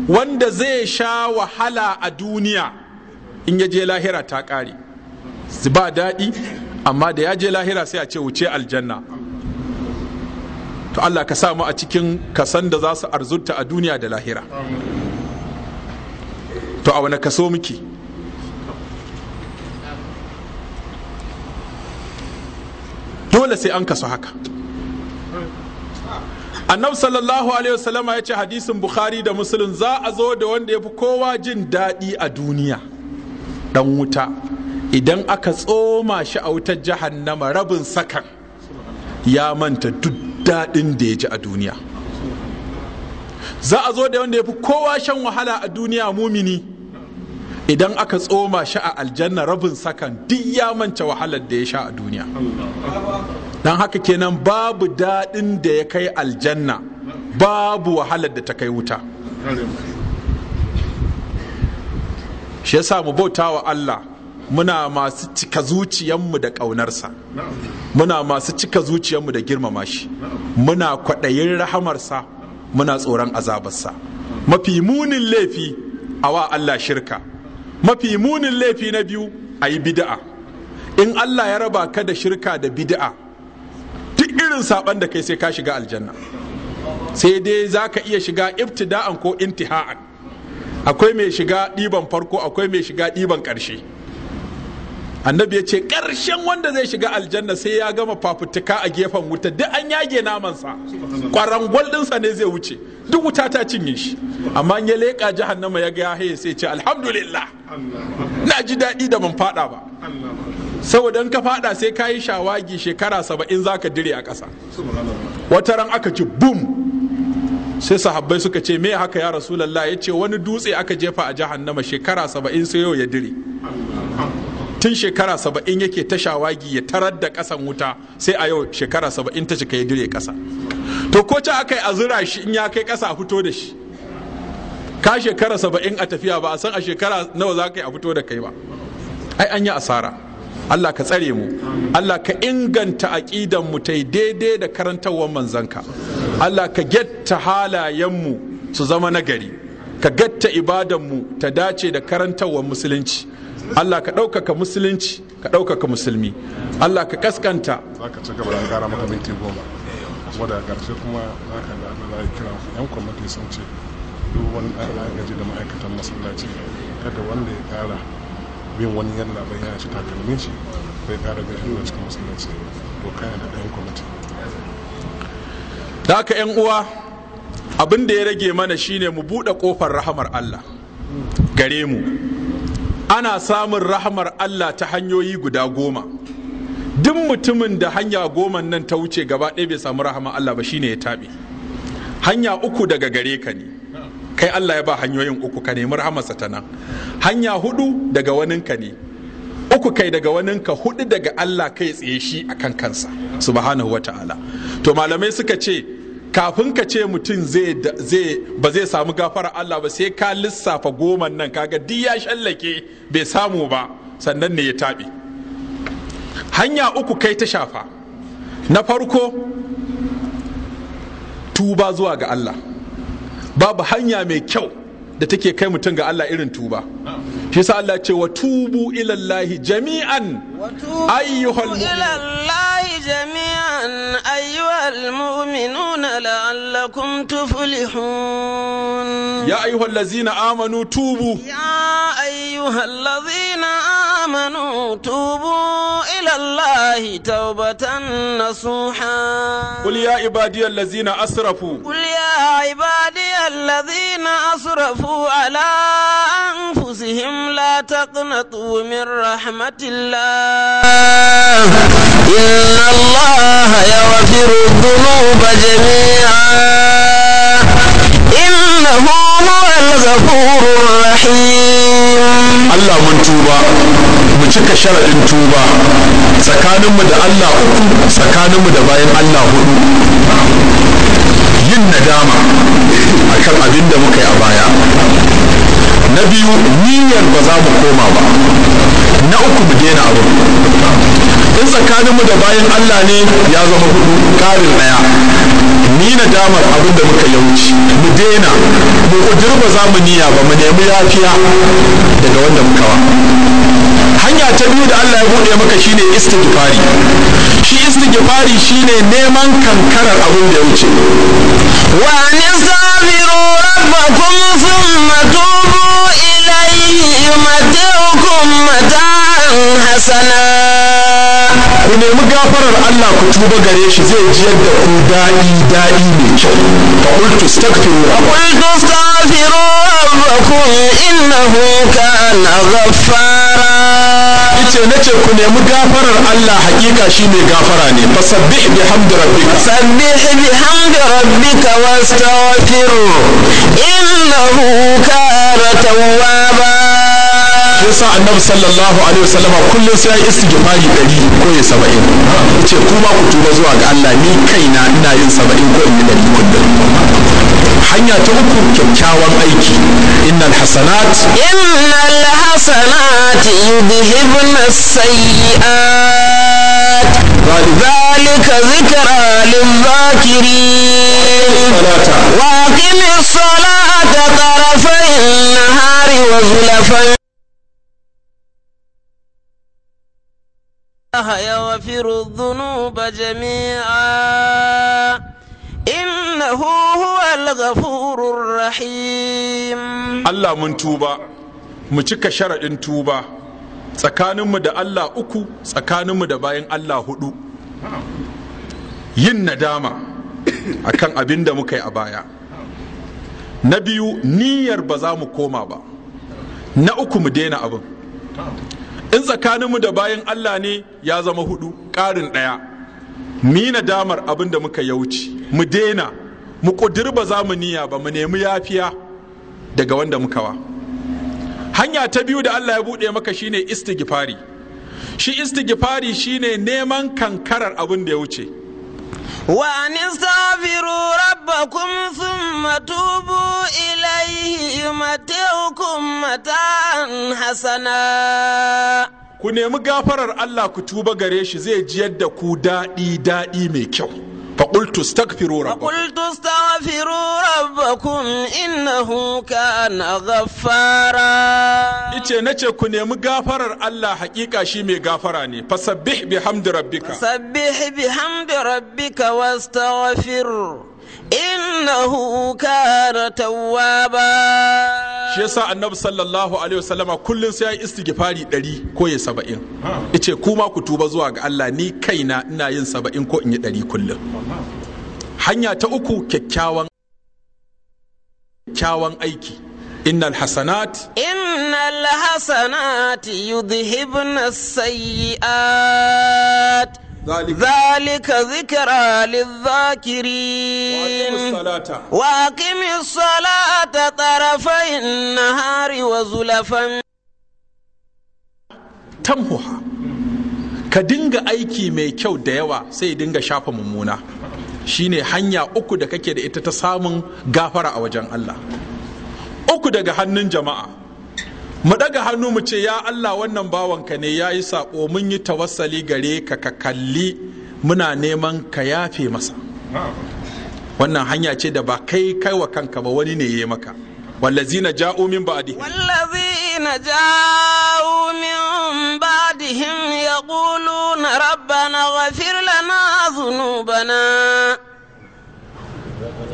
wanda zai sha wahala a duniya in ya je lahira ta ƙare ba daɗi amma da ya je lahira sai a ce wuce aljanna to Allah ka sa a cikin kasan da za su arzuta a duniya da lahira to a wani kaso muke dole sai an kaso haka annabi sallallahu alaihi wasallama ya ce hadisin bukhari da musulun za a zo da wanda ya fi kowa jin daɗi a duniya dan wuta idan aka tsoma shi a wutar jahannama rabin sakan ya manta duk daɗin da ya ji a duniya za a zo da wanda ya fi kowa shan wahala a duniya mumini idan aka tsoma shi a aljanna rabin sakan duk ya manta wahalar da ya sha a duniya don haka kenan babu daɗin da ya kai aljanna babu wahalar da ta kai wuta shi ya mu bauta wa Allah muna masu cika zuciyanmu da ƙaunarsa muna masu cika zuciyanmu da girmama shi muna kwaɗayin rahamarsa muna tsoron azabarsa mafi munin laifi a wa Allah shirka mafi munin laifi na biyu a yi bida'a in Allah ya raba ka da shirka da bida'a duk irin saɓan da kai sai ka shiga aljanna sai dai za ka iya shiga ibtida'an ko intiha'an akwai mai shiga ɗiban farko akwai mai shiga ɗiban ƙarshe annabi ya ce ƙarshen wanda zai shiga aljanna sai ya gama fafutuka a gefen wuta duk an yage namansa kwarangwal ɗinsa ne zai wuce duk wuta ta cinye shi amma ya leƙa jahannama ya ga ya sai ce alhamdulillah na ji daɗi da ban faɗa ba saboda ka faɗa sai ka yi shawagi shekara saba'in za ka dire a ƙasa wata ran aka ci bum sai sahabbai suka ce me haka ya rasulallah ya ce wani dutse aka jefa a jahannama shekara saba'in sai yau ya dire tun shekara saba'in yake ta shawagi ya tarar da kasan wuta sai a yau shekara saba'in ta cika ya dire ƙasa to ko ta aka yi a zura shi in ya kai kasa a fito da shi ka shekara saba'in a tafiya ba a san a shekara nawa za ka yi a fito da kai ba ai an yi asara Allah ka tsare mu Allah ka inganta aƙidan mu ta daidai da karantawar manzanka Allah ka getta mu su zama nagari ka getta gatta mu ta dace da karantawar musulunci Allah ka ɗaukaka musulunci ka ɗaukaka musulmi Allah ka kaskanta za ka ci gaba da gara maka minti goma kuma daga ƙarshe kuma za ka ga ana kira yan kwamiti sun ce duk wani ɗan gaji da ma'aikatan masallaci kada wanda ya ƙara bin wani yalla bai yana ci takalmin shi bai ƙara bin shi cikin masallaci to kana da ɗan kwamiti da haka yan uwa abin da ya rage mana shine mu buɗe ƙofar rahamar Allah gare mu ana samun rahamar Allah ta hanyoyi guda goma duk mutumin da hanya goma nan ta wuce gaba ɗaya bai samu rahama Allah ba shine ya taɓe hanya uku daga gare ka ne kai Allah ya ba hanyoyin uku ka nemi rahamarsa ta nan hanya hudu daga waninka ne uku kai daga waninka hudu daga Allah kai tsaye shi akan kansa subhanahu wata'ala to malamai suka ce kafin ka ce mutum zai ba zai samu gafara Allah ba sai ka lissafa goman nan kaga duk ya shallake bai samu ba sannan ne ya taɓi. hanya uku kai ta shafa na farko tuba zuwa ga Allah babu hanya mai kyau da take kai mutum ga Allah irin tuba shi sa Allah ce wa tubu ilallahi jami'an ayyuhal ila jami'an ayyuhal mu'minuna la'allakum tuflihun ya ayyuhal ladzina amanu tubu ya ayyuhal ladzina amanu tubu ila tawbatan nasuha qul ya ibadiyal ladzina asrafu qul ya ibadiyal ladzina asrafu ala أنفسهم لا تقنطوا من رحمة الله إن الله يغفر الذنوب جميعا إنه هو الغفور الرحيم الله من توبة mu cika sharaɗin tuba tsakaninmu da Allah uku tsakaninmu da bayan Allah hudu yin nadama akan abin da muka yi a baya na biyu niyyar ba za mu koma ba na uku mu daina abu in tsakaninmu da bayan Allah ne ya zama hudu karin ɗaya ni na damar abin da muka ya wuce mu daina mu kudur ba za mu niyya ba mu nemi yafiya daga wanda muka wa hanya ta biyu da Allah ya bude maka shine istighfari shi istighfari shine neman kankarar abin da ya wuce wa anistaghfiru rabbakum thumma tubu ilayhi yumati'ukum mata'an hasana ku nemi gafarar Allah ku tuba gare shi zai ji yadda ku daɗi daɗi mai kyau fa qultu astaghfiru qultu astaghfiru rabbakum innahu kana ghaffara na ce ku nemi gafarar Allah hakika shi mai gafara ne fasabbih bihamdi rabbika fasabbih bihamdi rabbika wastaghfiru innahu kana tawwaba shi yasa annabi sallallahu alaihi wasallam kullum sai ya yi istighfari dari ko ya saba'in ce kuma ku tuba zuwa ga Allah ni kaina ina yin saba'in ko in yi dari kullum hanya ta uku kyakkyawan aiki innal hasanat innal hasanat yudhibna as-sayyi'at ذلك ذكرى للذاكرين واقم الصلاة طرفي النهار وزلفا الله يغفر الذنوب جميعا إنه هو الغفور الرحيم الله من توبة مشك شرع توبة tsakaninmu da Allah uku tsakaninmu da bayan Allah huɗu. yin nadama akan abin da muka yi a baya na biyu niyyar ba za mu koma ba na uku mu daina abin in tsakaninmu da bayan Allah ne ya zama hudu ƙarin ɗaya mi na damar abin da muka yauci mu daina mu ƙudirba za mu niya ba mu nemi yafiya daga wanda muka wa hanya ta biyu da Allah ya buɗe maka shine istigifari shi shi shine neman kankarar abin da ya wuce وأن استغفروا ربكم ثم توبوا إليه يمتعكم متاعا حسنا ku nemi gafarar Allah ku tuba gare shi zai ji yadda ku daɗi daɗi mai kyau فقلت استغفروا ربكم فقلت استغفروا ربكم انه كان غفارا ice nace ku nemi gafarar Allah hakika shi mai gafara ne fasabbih bihamdi rabbika fasabbih bihamdi rabbika wastaghfir innahu kana tawwaba shi yasa annabi sallallahu alaihi wasallama kullun sai yayi istighfari 100 ko ya 70 yace kuma ku tuba zuwa ga Allah ni kaina ina yin 70 ko in yi 100 kullun hanya ta uku kyakkyawan kyakkyawan aiki innal hasanat innal hasanat yudhibna sayyiat ذلك ذكرى للذاكرين واقم الصلاة طرفي النهار وزلفا tamhuha ka dinga aiki mai kyau da yawa sai dinga shafa mummuna shine hanya uku da kake da ita ta samun gafara a wajen Allah uku daga hannun jama'a mu daga hannu mu ce ya Allah wannan bawanka ne ya yi saƙo mun yi tawassali gare ka ka kalli muna neman ka yafe masa wannan hanya ce da ba kai kai wa kanka ba wani ne ya yi maka na ja'u min ba'di na ja'u min ba'dihim yaquluna rabbana ghafir lana dhunubana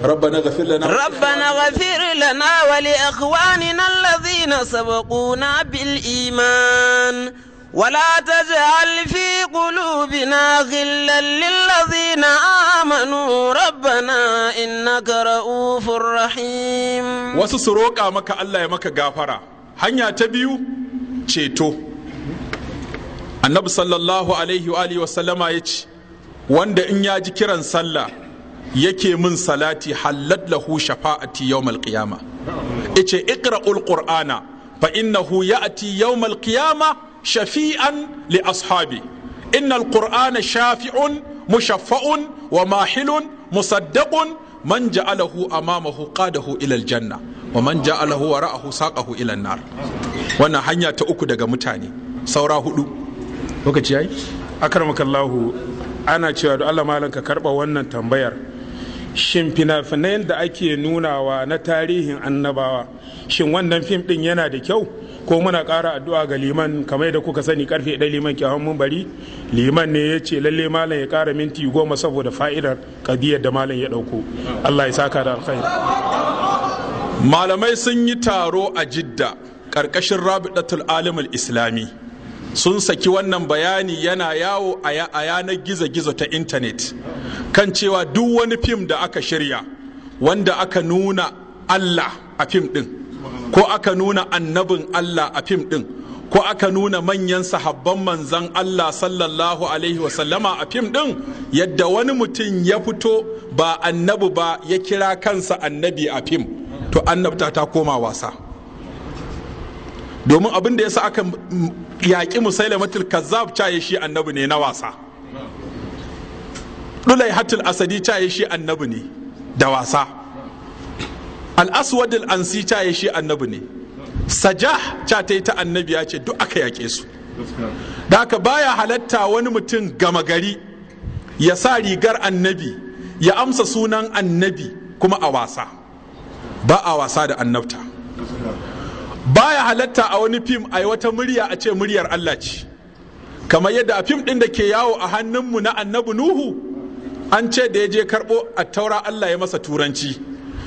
ربنا اغفر لنا ربنا اغفر لنا ولإخواننا الذين سبقونا بالإيمان ولا تجعل في قلوبنا غلا للذين آمنوا ربنا إنك رؤوف رحيم wasu su roƙa maka Allah ya maka gafara hanya ta biyu ceto annabi sallallahu alaihi wa sallama ya ce wanda in ya ji kiran sallah yake min salati hallat lahu shafa'ati yawmal qiyama ice iqra'ul qur'ana fa innahu ya'ti yawmal qiyama shafi'an li ashabi innal qur'ana shafi'un mushaffa'un wa mahilun musaddaqun man ja'alahu amamahu qadahu ila janna. wa man ja'alahu wara'ahu saqahu ila nar wannan hanya ta uku daga mutane saura hudu lokaci yayi akramakallahu ana cewa da Allah malam ka karba wannan tambayar shin fina da ake nunawa na tarihin annabawa shin wannan fim din yana da kyau ko muna ƙara addu'a ga liman kamar da kuka sani karfe ɗaya liman ke mun bari liman ne ya ce lalle malam ya ƙara minti goma saboda fa'idar kadiyar da malam ya ɗauko allah ya saka da alkhairi malamai sun yi taro a jidda ƙarƙashin rabidatul alimul islami sun saki wannan bayani yana yawo a yanar gizo-gizo ta intanet kan cewa duk wani fim da aka shirya wanda aka nuna allah a fim ɗin ko aka nuna annabin allah a fim ɗin ko aka nuna manyan sahabban manzan allah sallallahu alaihi wasallama a fim ɗin yadda wani mutum ya fito ba annabi ba ya kira kansa annabi a fim to annabta ta koma wasa domin abin da ya sa aka yaƙi musaila matul kazzab caye shi annabi ne na wasa dulai hatul asadi caye shi annabi ne da wasa al-aswad al-ansi caye shi annabi ne sajah ca ta yi ta annabi ya ce duk aka yaƙe su da aka baya halatta wani mutum gama gari ya sa rigar annabi ya amsa sunan annabi kuma a wasa ba a wasa da annabta baya halatta a wani fim a wata murya a ce muryar Allah ce kamar yadda a fim ɗin da ke yawo a hannunmu na annabi nuhu an ce da ya je karɓo a taura Allah ya masa turanci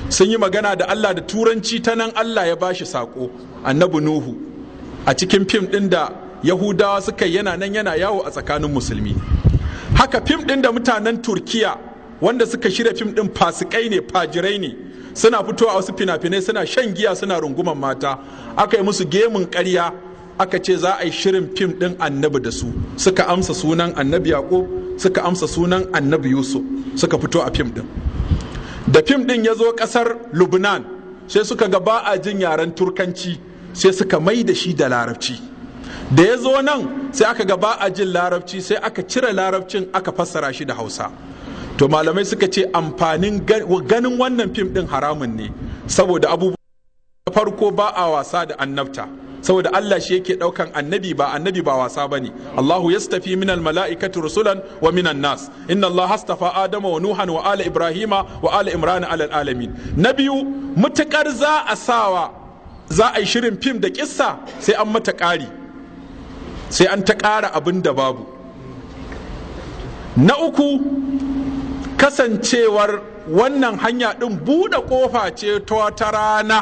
sun yi magana da Allah da turanci ta nan Allah ya bashi saƙo annabi nuhu a cikin fim ɗin da yahudawa suka yana nan yana yawo a tsakanin musulmi haka fim ɗin da mutanen turkiya wanda suka shirya fim ɗin fasikai ne fajirai ne suna fitowa wasu fina-finai suna shan giya suna runguman mata aka yi musu gemun karya aka ce za a yi shirin fim ɗin annabi da su suka amsa sunan annabi yaƙo suka amsa sunan annabi yusuf suka fito a fim ɗin da fim ɗin ya zo ƙasar lubnan sai suka ga ba a jin yaren turkanci sai suka mai da shi da larabci da ya zo nan sai aka ga ba a jin larabci sai aka cire larabcin aka fassara shi da hausa to malamai suka ce amfanin ganin wannan fim din haramun ne saboda abubuwa farko ba a wasa da annabta saboda Allah shi yake daukan annabi ba annabi ba wasa bane Allahu yastafi minal mala'ikati rusulan wa minan nas inna Allah hastafa Adama wa Nuhan wa ala Ibrahima wa ala Imran ala alamin na biyu mutakar za a sawa za a yi shirin fim da kissa sai an mata ƙari sai an ta ƙara abin da babu na uku kasancewar wannan hanya ɗin buɗe ƙofa ce ta wata rana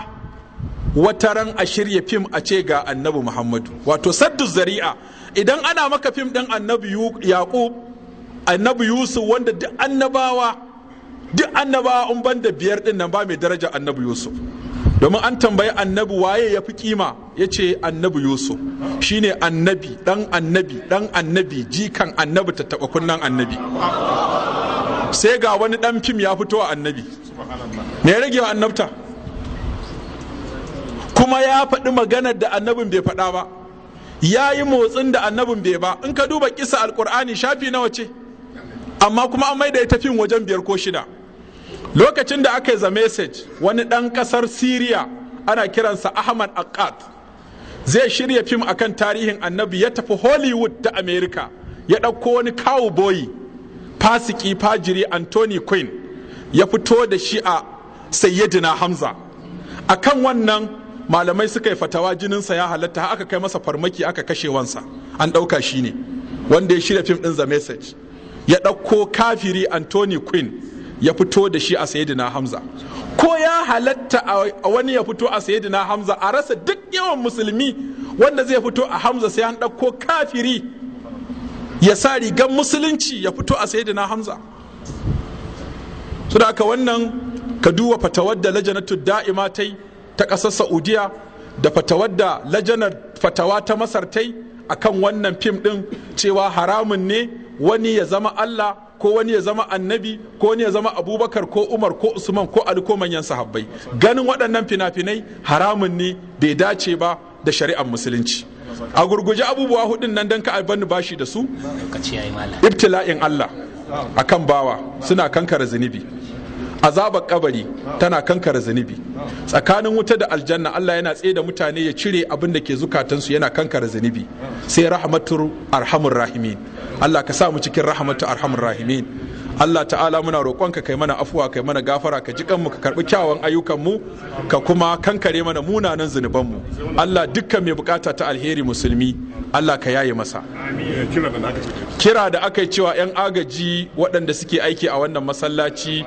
wata ran a shirya fim a ce ga annabi muhammadu wato saddu zari'a idan ana maka fim ɗin annabi yaƙub annabi yusuf wanda duk annabawa duk annabawa in da biyar ɗin nan ba mai daraja annabi yusuf domin an tambayi annabi waye ya fi kima ya ce annabi yusuf shine annabi ɗan annabi ɗan annabi jikan annabi ta taɓa kunnan annabi sai ga wani ɗan fim ya fito a annabi me ya rage wa annabta kuma ya faɗi maganar da annabin bai faɗa ba ya yi motsin da annabin bai ba in ka duba kisa alkur'ani shafi nawa ce amma kuma an maida ita fim wajen biyar ko shida lokacin da aka yi the message wani ɗan ƙasar syria ana kiransa ahmad akkad zai shirya fim akan tarihin annabi ya tafi hollywood ta Amerika ya ɗauko wani kawo boyi fasiki fajiri anthony quinn ya fito da shi a sayyidina hamza A kan wannan malamai suka yi fatawa jininsa ya halatta aka kai masa farmaki aka kashe wansa an ɗauka shi ne wanda ya shirya fim ɗin the message ya ɗauko kafiri anthony quinn ya fito da shi a sayyidina hamza ko ya halatta a wani ya fito a sayyidina hamza a rasa duk yawan musulmi wanda zai fito a hamza sai an ɗauko kafiri ya sa rigar musulunci ya fito a sayyidina hamza su da aka wannan ka duba fatawar da lajanatu da'ima ta ta ƙasar saudiya da fatawar da lajanar fatawa ta masar ta kan wannan fim ɗin cewa haramun ne wani ya zama allah ko wani ya zama annabi ko wani ya zama abubakar ko umar ko usman ko ali ko manyan sahabbai ganin waɗannan fina-finai haramun ne bai dace ba da shari'ar musulunci a gurguje abubuwa hudun nan don ka ni bashi da su ibtila'in Allah a kan bawa suna kankara zunubi azabar kabari tana kankara zunubi tsakanin wuta da aljanna Allah yana tsaye da mutane ya cire abin da ke zukatansu yana kankara zunubi sai rahamatu arhamun rahimin Allah ka sa mu cikin rahmatu arhamun rahimin Allah ta'ala muna roƙonka kai mana afuwa kai mana gafara ka ji kanmu ka karbi kyawun ayyukanmu ka kuma kankare mana munanan zunubanmu Allah dukkan mai bukata ta alheri musulmi Allah ka yaye masa kira da aka yi cewa 'yan agaji waɗanda suke aiki a wannan masallaci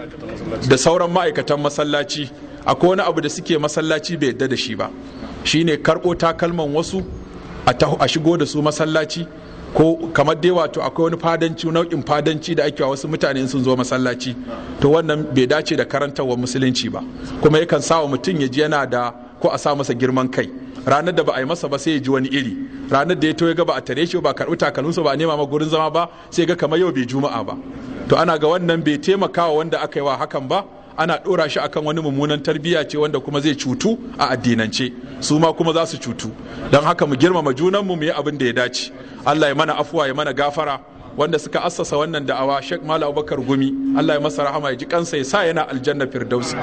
da sauran ma'aikatan masallaci akwai wani abu da suke masallaci bai yadda da shi ba shine karɓo takalman wasu a shigo da su masallaci ko kamar dai wato akwai wani fadanci nau'in fadanci da ake wa wasu mutane sun zo masallaci to wannan bai dace da karantarwar musulunci ba kuma yakan sa wa mutum ya ji yana da ko a sa masa girman kai ranar da ba a yi masa ba sai ya ji wani iri ranar da ya to ya ga ba a tare shi ba karɓi takalminsa ba a nema ma gurin zama ba sai ga kamar yau bai juma'a ba to ana ga wannan bai taimakawa wanda aka yi wa hakan ba ana ɗora shi akan wani mummunan tarbiyya ce wanda kuma zai cutu a addinance su ma kuma za su cutu don haka mu girmama junanmu mu yi abin da ya dace allah ya mana afuwa ya mana gafara wanda suka assasa wannan da'awa Sheikh Malam Abubakar Gumi Allah ya masa rahama ya ji kansa ya sa yana aljanna firdausi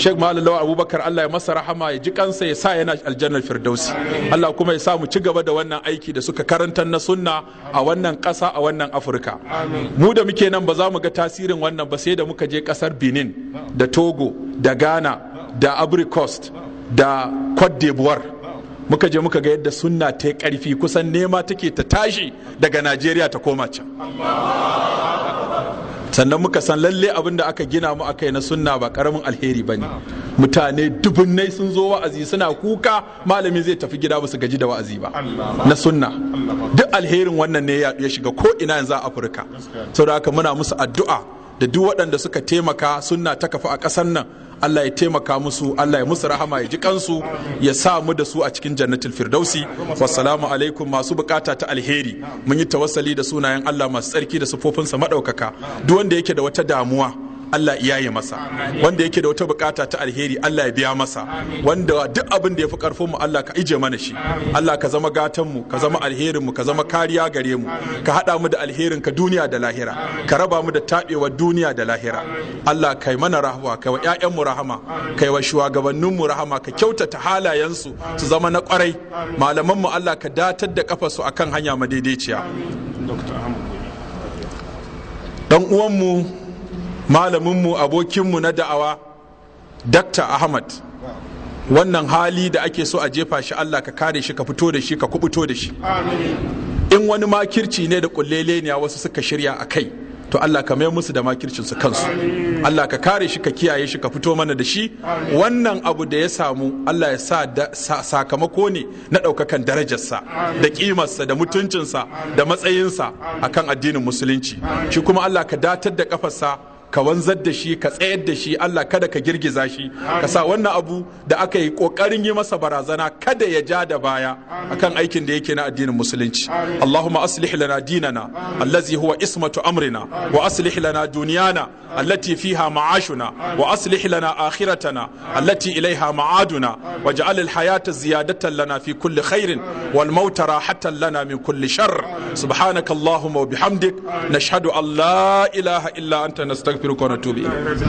Sheikh Malam Lawa Abubakar Allah ya masa rahama ya ji kansa ya sa yana aljanna firdausi Allah kuma ya sa mu ci gaba da wannan aiki da suka karantar na sunna a wannan kasa a wannan Afirka mu da muke nan ba za mu ga tasirin wannan ba sai da muka je ƙasar Benin da Togo da Ghana da Ivory Coast da Cote d'Ivoire muka je muka ga yadda sunna ta yi ƙarfi kusan nema take ta tashi daga najeriya ta koma can sannan muka san lalle abin da aka gina mu yi na sunna ba karamin alheri ba ne. mutane dubunnai sun zo wa'azi suna kuka malami zai tafi gida ba su gaji da wa'azi ba na sunna duk alherin wannan ne ya shiga ko ina yanzu a afirka saboda haka muna musu addu'a da duk waɗanda suka taimaka suna ta kafa a ƙasar nan Allah ya taimaka musu Allah ya musu rahama ya ji kansu ya sa mu da su a cikin jannatul firdausi wassalamu alaikum masu bukata ta alheri mun yi tawassali da sunayen Allah masu tsarki da sufofinsa madaukaka duk wanda yake da wata damuwa Allah ya yi masa wanda yake da wata bukata ta alheri Allah ya biya masa wanda duk abin da ya fi karfin mu Allah ka ije mana shi Allah ka zama gatan mu ka zama alherin mu ka zama kariya gare mu ka hada mu da alherin ka duniya da lahira ka raba mu da tabewa duniya da lahira Allah kai mana rahwa kai wa ƴaƴan mu rahama kai wa shugabannin mu rahama ka kyautata halayensu su zama na kwarai malaman mu Allah ka datar da kafarsu akan hanya madaidaiciya dan uwanmu malaminmu abokinmu na da'awa Dr ahmad wannan hali da ake so a jefa shi allah ka kare shi ka fito da shi ka kubuto da shi in wani makirci ne da kullele ne wasu suka shirya a kai to Allah ka mai musu da makircinsu kansu Allah ka kare shi ka kiyaye shi ka fito mana da shi wannan abu da ya samu Allah ya sa sakamako ne na ɗaukakan darajarsa da kimarsa da mutuncinsa da matsayinsa akan addinin musulunci shi kuma Allah ka datar da kafarsa ka wanzar da shi ka tsayar da shi Allah kada ka girgiza shi ka sa wannan abu da aka yi kokarin yi masa barazana kada ya ja da baya akan aikin da yake na addinin musulunci Allahumma aslih lana dinana allazi huwa ismatu amrina wa aslih lana duniyana allati fiha ma'ashuna wa aslih lana akhiratana allati ilaiha ma'aduna waj'al al-hayata ziyadatan lana fi kulli khairin wal mauta rahatan lana min kulli shar subhanakallahumma wa bihamdik nashhadu an la ilaha illa anta nastaghfiruka piro kona